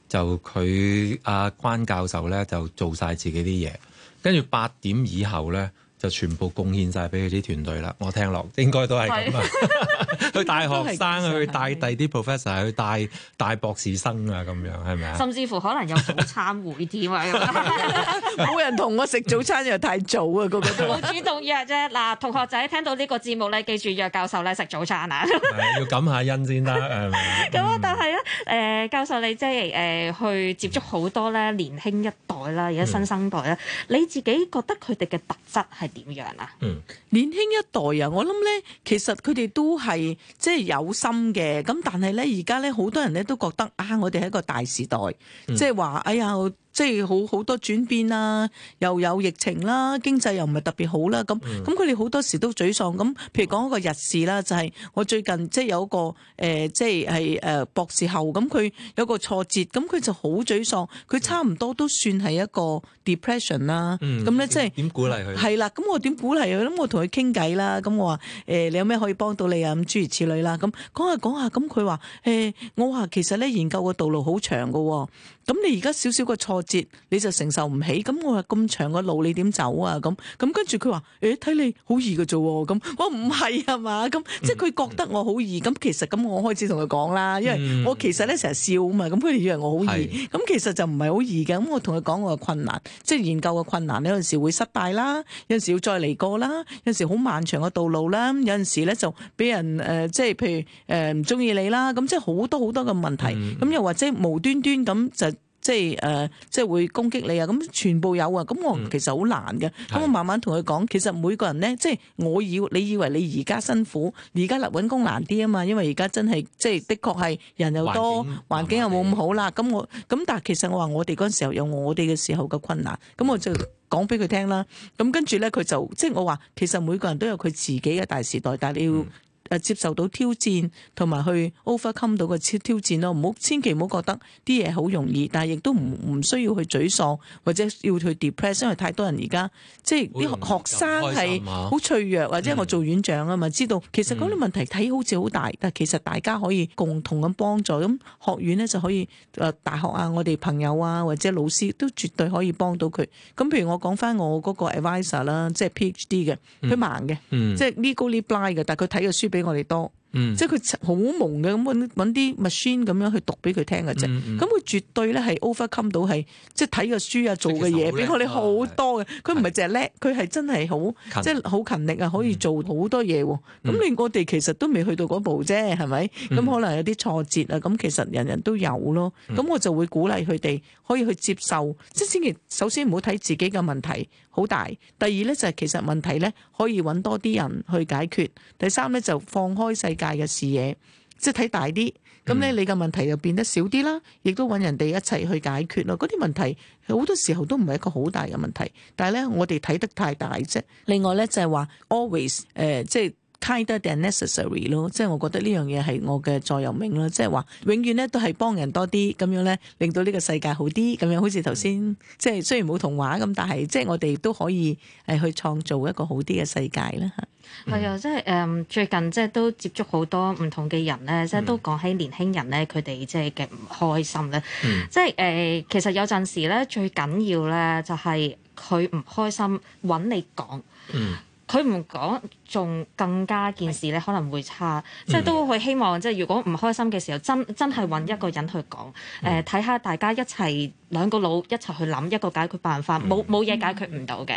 就佢阿、啊、關教授咧就做晒自己啲嘢，跟住八點以後咧。就全部貢獻晒俾佢啲團隊啦！我聽落應該都係咁啊！去帶學生，去帶第啲 professor，去帶帶博士生啊！咁樣係咪啊？甚至乎可能有早餐會添啊！冇人同我食早餐又太早啊！個個都冇主動約啫。嗱，同學仔聽到呢個節目咧，記住約教授咧食早餐啊！要感下恩先得，係咪啊？咁啊，但係咧！誒，教授你即係誒去接觸好多咧年輕一代啦，而家新生代咧，你自己覺得佢哋嘅特質係？點樣啊？嗯、年輕一代、就是、啊，我諗咧，其實佢哋都係即係有心嘅，咁但係咧，而家咧好多人咧都覺得啊，我哋係一個大時代，即係話哎呀。即係好好多轉變啦，又有疫情啦，經濟又唔係特別好啦，咁咁佢哋好多時都沮喪，咁。譬如講一個日事啦，就係、是、我最近即係有一個誒、呃，即係係誒博士後，咁佢有個挫折，咁佢就好沮喪，佢差唔多都算係一個 depression 啦、嗯。咁咧即係點鼓勵佢？係啦，咁我點鼓勵啊？咁我同佢傾偈啦，咁我話誒、哎、你有咩可以幫到你啊？咁諸如此類啦，咁講下講下，咁佢話誒我話其實咧研究嘅道路好長噶，咁你而家少少嘅挫折。折你就承受唔起，咁我話咁長個路你點走啊？咁咁跟住佢話，誒睇你好易嘅啫，咁我話唔係啊嘛，咁即係佢覺得我好易，咁其實咁我開始同佢講啦，因為我其實咧成日笑嘛，咁佢以為我好易，咁其實就唔係好易嘅，咁我同佢講我嘅困難，即係研究嘅困難，有陣時會失敗啦，有陣時要再嚟過啦，有陣時好漫長嘅道路啦，有陣時咧就俾人誒即係譬如誒唔中意你啦，咁即係好多好多嘅問題，咁又或者無端端咁就。即係誒、呃，即係會攻擊你啊！咁全部有啊，咁我其實好難嘅。咁、嗯、我慢慢同佢講，其實每個人咧，即係我以你以為你而家辛苦，而家揾工難啲啊嘛，因為而家真係即係的確係人又多，環境，環境又冇咁好啦。咁、嗯、我咁但係其實我話我哋嗰陣時候有我哋嘅時候嘅困難。咁我就講俾佢聽啦。咁跟住咧，佢就即係我話其實每個人都有佢自己嘅大時代，但係你要，嗯接受到挑戰同埋去 overcome 到個挑挑戰咯，唔好千祈唔好覺得啲嘢好容易，但係亦都唔唔需要去沮喪或者要去 depress，因為太多人而家即係啲學生係好脆弱，或者我做院長啊嘛，嗯、知道其實啲問題睇好似好大，但係其實大家可以共同咁幫助，咁學院咧就可以誒大學啊，我哋朋友啊，或者老師都絕對可以幫到佢。咁譬如我講翻我個 adviser 啦，嗯嗯、即係 PhD 嘅，佢盲嘅，即係 legally blind 嘅，但係佢睇嘅書俾。我哋多，嗯、即係佢好蒙嘅，咁搵啲 machine 咁樣去讀俾佢聽嘅啫。咁佢，嗯嗯、絕對咧係 overcome 到係，即係睇個書啊，做嘅嘢，俾我哋好多嘅。佢唔係淨係叻，佢係是真係好，勤即係好勤力啊，可以做好多嘢。咁你，嗯、我哋其實都未去到嗰步啫，係咪？咁、嗯、可能有啲挫折啊，咁其實人人都有咯。咁、嗯、我就會鼓勵佢哋可以去接受，即係先。首先唔好睇自己嘅問題好大。第二呢，就係其實問題呢，可以揾多啲人去解決。第三呢，就放開世界嘅視野，即係睇大啲。咁呢，你嘅問題就變得少啲啦，亦都揾人哋一齊去解決咯。嗰啲問題好多時候都唔係一個好大嘅問題，但係呢，我哋睇得太大啫。另外呢、呃，就係話 always 誒即係。Kinder than necessary 咯，即係我覺得呢樣嘢係我嘅座右銘咯，即係話永遠咧都係幫人多啲，咁樣咧令到呢個世界好啲，咁樣好似頭先即係雖然冇童話咁，但係即係我哋都可以係去創造一個好啲嘅世界啦嚇。係啊、嗯，即係誒最近即係都接觸好多唔同嘅人咧，即係都講起年輕人咧，佢哋即係嘅唔開心咧，即係誒其實有陣時咧最緊要咧就係佢唔開心揾你講。嗯佢唔講仲更加件事咧，可能會差，是即係都佢希望，即係如果唔開心嘅時候，真真係揾一個人去講誒睇下大家一齊兩個腦一齊去諗一個解決辦法，冇冇嘢解決唔到嘅。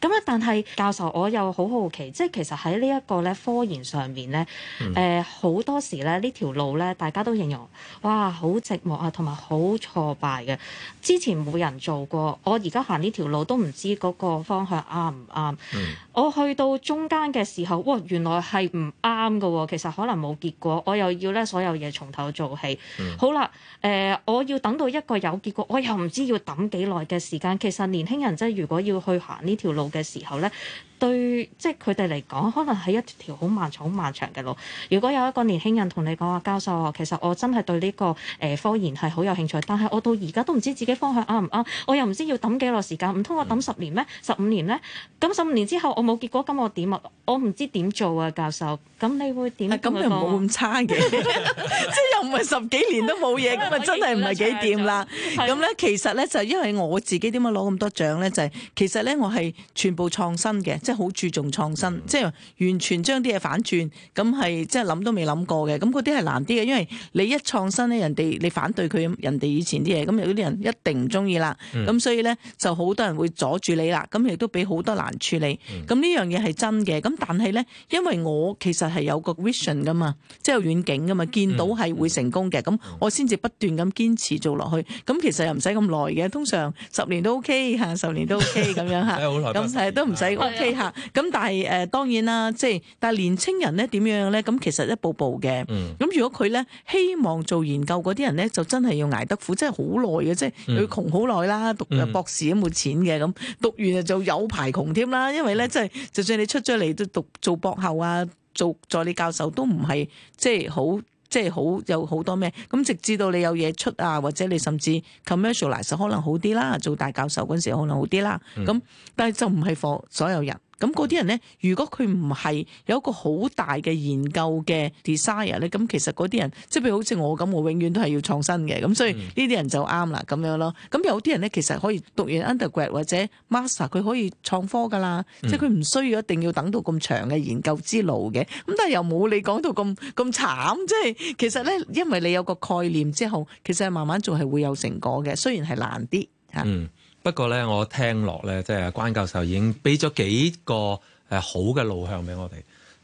咁咧、嗯，但係教授，我又好好奇，即係其實喺呢一個咧科研上面咧，誒、呃、好多時咧呢條路咧，大家都形容哇好寂寞啊，同埋好挫敗嘅。之前冇人做過，我而家行呢條路都唔知嗰個方向啱唔啱，嗯、我去。到中間嘅時候，哇！原來係唔啱㗎喎，其實可能冇結果，我又要咧所有嘢從頭做起。嗯、好啦，誒、呃，我要等到一個有結果，我又唔知要等幾耐嘅時間。其實年輕人真係如果要去行呢條路嘅時候咧，對，即係佢哋嚟講，可能係一條好漫長、好漫長嘅路。如果有一個年輕人同你講話，教授，其實我真係對呢、這個誒、呃、科研係好有興趣，但係我到而家都唔知自己方向啱唔啱，我又唔知要等幾耐時間，唔通我等十年咩？十五年咧？咁十五年之後我冇結果。如果咁我點啊？我唔知點做啊，教授。咁你會點啊？咁又冇咁差嘅，即係又唔係十幾年都冇嘢，咁咪 真係唔係幾掂啦？咁咧 其實咧就因為我自己點解攞咁多獎咧？就係、是、其實咧我係全部創新嘅，即係好注重創新，即係、mm hmm. 完全將啲嘢反轉，咁係即係諗都未諗過嘅。咁嗰啲係難啲嘅，因為你一創新咧，人哋你反對佢，人哋以前啲嘢，咁有啲人一定唔中意啦。咁、mm hmm. 所以咧就好多人會阻住你啦。咁亦都俾好多難處理。咁呢樣。Hmm. 嘢係真嘅，咁但係咧，因為我其實係有個 vision 噶嘛，即係有遠景噶嘛，見到係會成功嘅，咁我先至不斷咁堅持做落去。咁其實又唔使咁耐嘅，通常十年都 OK 嚇，十年都 OK 咁樣嚇，咁都唔使 OK 嚇。咁但係誒當然啦，即係但係年青人咧點樣咧？咁其實一步步嘅。咁如果佢咧希望做研究嗰啲人咧，就真係要捱得苦，真係好耐嘅，即係佢窮好耐啦。讀博士都冇錢嘅，咁讀完就有排窮添啦，因為咧真係。就算你出咗嚟都讀做博後啊，做助理教授都唔係即係好即係好有好多咩，咁直至到你有嘢出啊，或者你甚至 commercialize 可能好啲啦，做大教授嗰陣時可能好啲啦，咁、嗯、但係就唔係 for 所有人。咁嗰啲人咧，如果佢唔係有一個好大嘅研究嘅 desire 咧，咁其實嗰啲人，即係譬如好似我咁，我永遠都係要創新嘅，咁所以呢啲人就啱啦，咁樣咯。咁有啲人咧，其實可以讀完 undergrad 或者 master，佢可以創科㗎啦，嗯、即係佢唔需要一定要等到咁長嘅研究之路嘅。咁但係又冇你講到咁咁慘，即係其實咧，因為你有個概念之後，其實係慢慢做係會有成果嘅，雖然係難啲吓。嗯不過咧，我聽落咧，即係關教授已經俾咗幾個誒好嘅路向俾我哋。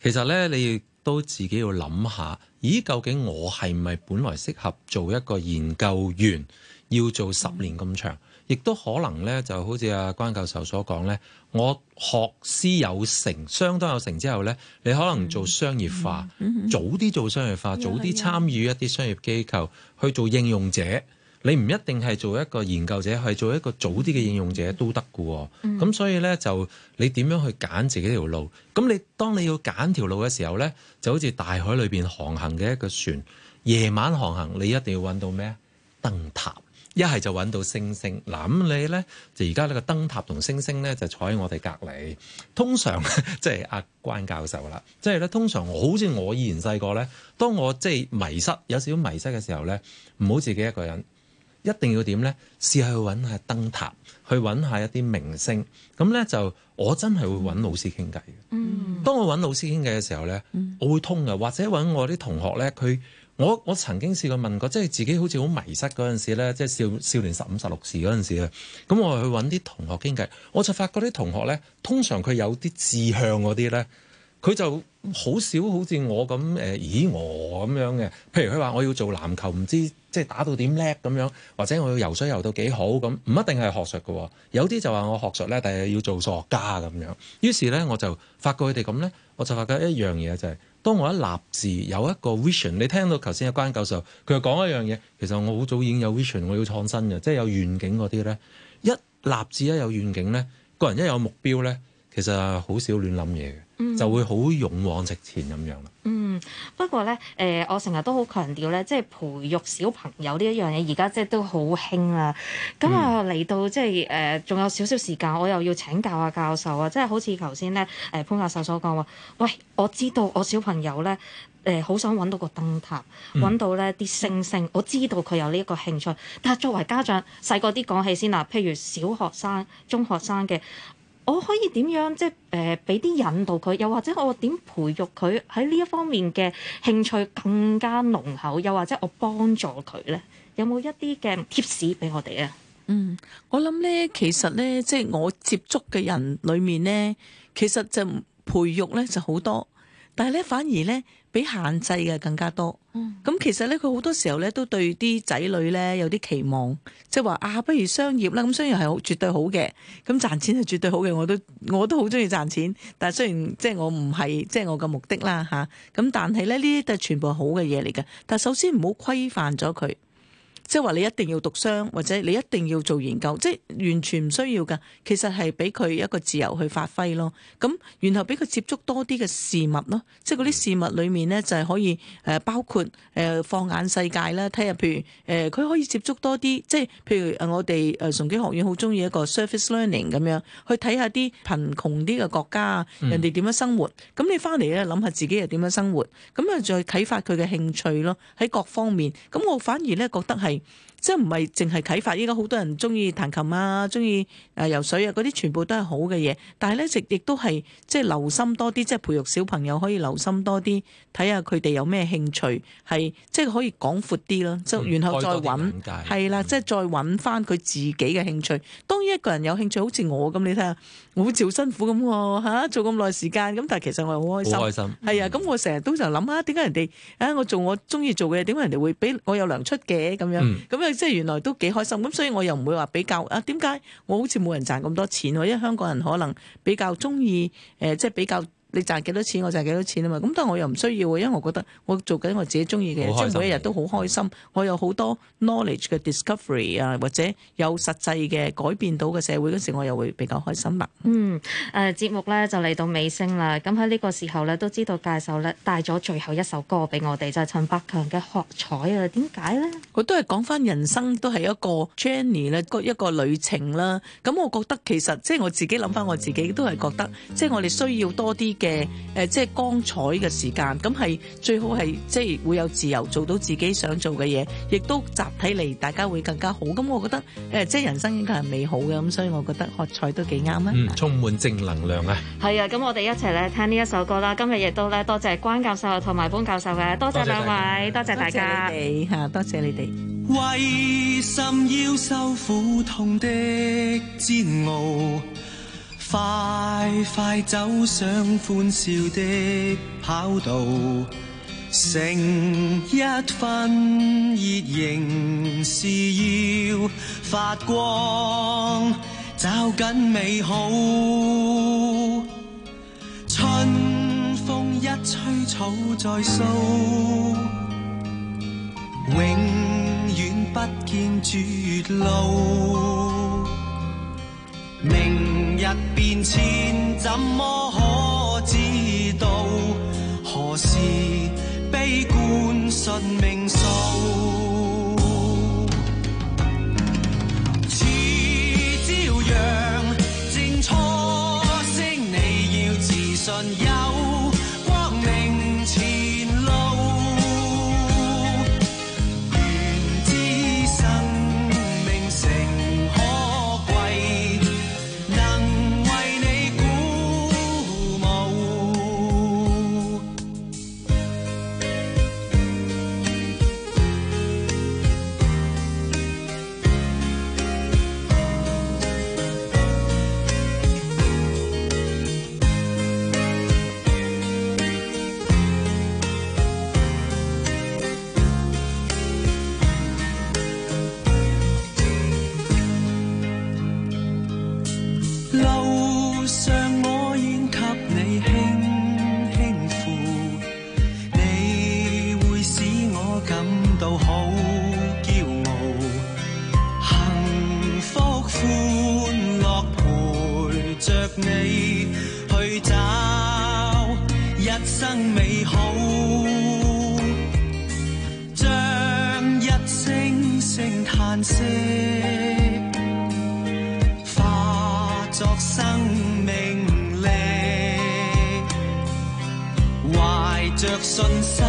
其實咧，你亦都自己要諗下，咦？究竟我係咪本來適合做一個研究員，要做十年咁長？亦、嗯、都可能咧，就好似阿關教授所講咧，我學師有成，相當有成之後咧，你可能做商業化，嗯嗯嗯、早啲做商業化，嗯嗯、早啲參與一啲商業機構去做應用者。你唔一定係做一個研究者，係做一個早啲嘅應用者都得㗎喎。咁、嗯、所以呢，就你點樣去揀自己條路？咁你當你要揀條路嘅時候呢，就好似大海裏邊航行嘅一個船，夜晚航行你一定要揾到咩？燈塔，一係就揾到星星。嗱咁你呢，就而家呢個燈塔同星星呢，就坐喺我哋隔離。通常呢即係阿關教授啦，即係呢，通常好似我以前細個呢，當我即係迷失有少少迷失嘅時候呢，唔好自己一個人。一定要點呢？試下去揾下燈塔，去揾下一啲明星。咁呢，就我真係會揾老師傾偈嘅。嗯，當我揾老師傾偈嘅時候呢，我會通嘅。或者揾我啲同學呢，佢我我曾經試過問過，即係自己好似好迷失嗰陣時呢，即係少少年十五十六時嗰陣時啊。咁我會去揾啲同學傾偈，我就發覺啲同學呢，通常佢有啲志向嗰啲呢。佢就好少好似我咁誒、欸，咦我咁樣嘅。譬如佢話我要做籃球，唔知即係打到點叻咁樣，或者我要游水游到幾好咁，唔一定係學術嘅。有啲就話我學術咧，但係要做數學家咁樣。於是咧，我就發覺佢哋咁咧，我就發覺一樣嘢就係、是，當我一立志有一個 vision，你聽到頭先關教授佢講一樣嘢，其實我好早已經有 vision，我要創新嘅，即係有願景嗰啲咧。一立志一有願景咧，個人一有目標咧，其實好少亂諗嘢嘅。就會好勇往直前咁樣咯。嗯，不過咧，誒、呃，我成日都好強調咧，即係培育小朋友呢一樣嘢，而家即係都好興啦。咁啊、嗯，嚟到即係誒，仲、呃、有少少時間，我又要請教下教，教授啊。即係好似頭先咧，誒、呃、潘教授所講話，喂，我知道我小朋友咧，誒、呃，好想搵到個燈塔，搵到咧啲星星。嗯、我知道佢有呢一個興趣，但係作為家長，細個啲講起先嗱，譬如小學生、中學生嘅。我可以點樣、呃、點樣即係誒俾啲引導佢，又或者我點培育佢喺呢一方面嘅興趣更加濃厚，又或者我幫助佢咧，有冇一啲嘅貼士俾我哋啊？嗯，我諗咧，其實咧，即係我接觸嘅人裏面咧，其實就培育咧就好多，但係咧反而咧。比限制嘅更加多，咁、嗯、其實咧佢好多時候咧都對啲仔女咧有啲期望，即係話啊，不如商業啦，咁商業係絕對好嘅，咁賺錢係絕對好嘅，我都我都好中意賺錢，但係雖然即係、就是、我唔係即係我嘅目的啦吓，咁、啊、但係咧呢啲都係全部好嘅嘢嚟嘅，但係首先唔好規範咗佢。即係話你一定要讀商，或者你一定要做研究，即係完全唔需要噶。其實係俾佢一個自由去發揮咯。咁然後俾佢接觸多啲嘅事物咯。即係嗰啲事物裡面呢，就係可以誒包括誒放眼世界啦，睇下譬如誒佢、呃、可以接觸多啲，即係譬如我哋誒崇基學院好中意一個 service learning 咁樣去睇下啲貧窮啲嘅國家啊，人哋點樣生活。咁、嗯、你翻嚟咧諗下自己又點樣生活，咁啊再啟發佢嘅興趣咯。喺各方面，咁我反而咧覺得係。即係唔係淨係啟發，依家好多人中意彈琴啊，中意誒游水啊，嗰啲全部都係好嘅嘢。但係咧，亦亦都係即係留心多啲，即係培育小朋友可以留心多啲，睇下佢哋有咩興趣，係即係可以廣闊啲咯。就、嗯、然後再揾係啦，的即係再揾翻佢自己嘅興趣。嗯、當然，一個人有興趣，好似我咁，你睇下。我好似好辛苦咁喎、啊，做咁耐時間，咁但係其實我係好開心，係啊，咁我成日都就諗啊，點解人哋啊我做我中意做嘅嘢，點解人哋會俾我有糧出嘅咁樣？咁啊，即係原來都幾開心。咁所以我又唔會話比較啊，點解我好似冇人賺咁多錢喎？因為香港人可能比較中意誒，即、呃、係、就係、比較。你賺幾多錢，我賺幾多錢啊嘛！咁但係我又唔需要，因為我覺得我做緊我自己中意嘅嘢，即係每一日都好開心。吧我有好多 knowledge 嘅 discovery 啊，或者有實際嘅改變到嘅社會嗰時，我又會比較開心啦、啊。嗯，誒、呃、節目咧就嚟到尾聲啦，咁喺呢個時候咧都知道介紹咧帶咗最後一首歌俾我哋，就係、是、陳百強嘅《喝彩》。啊！點解咧？佢都係講翻人生都係一個 journey 啦，一個旅程啦。咁我覺得其實即係、就是、我自己諗翻我自己都係覺得，即、就、係、是、我哋需要多啲。嘅誒，即係光彩嘅時間，咁係最好係即係會有自由，做到自己想做嘅嘢，亦都集體嚟，大家會更加好。咁我覺得誒，即係人生應該係美好嘅，咁所以我覺得喝彩都幾啱啊！嗯，充滿正能量啊！係啊，咁我哋一齊咧聽呢一首歌啦。今日亦都咧多謝關教授同埋潘教授嘅多謝兩位，多謝大家，多謝大家，多謝你哋。你為什麼要受苦痛的煎熬？快快走上歡笑的跑道，剩一分熱仍是要發光，抓緊美好。春風一吹，草再蘇，永遠不見絕路。明日變遷怎麼可知道？何時悲觀信命數？似朝陽正初升，你要自信。你去找一生美好，將一聲聲嘆息化作生命力，懷着信心。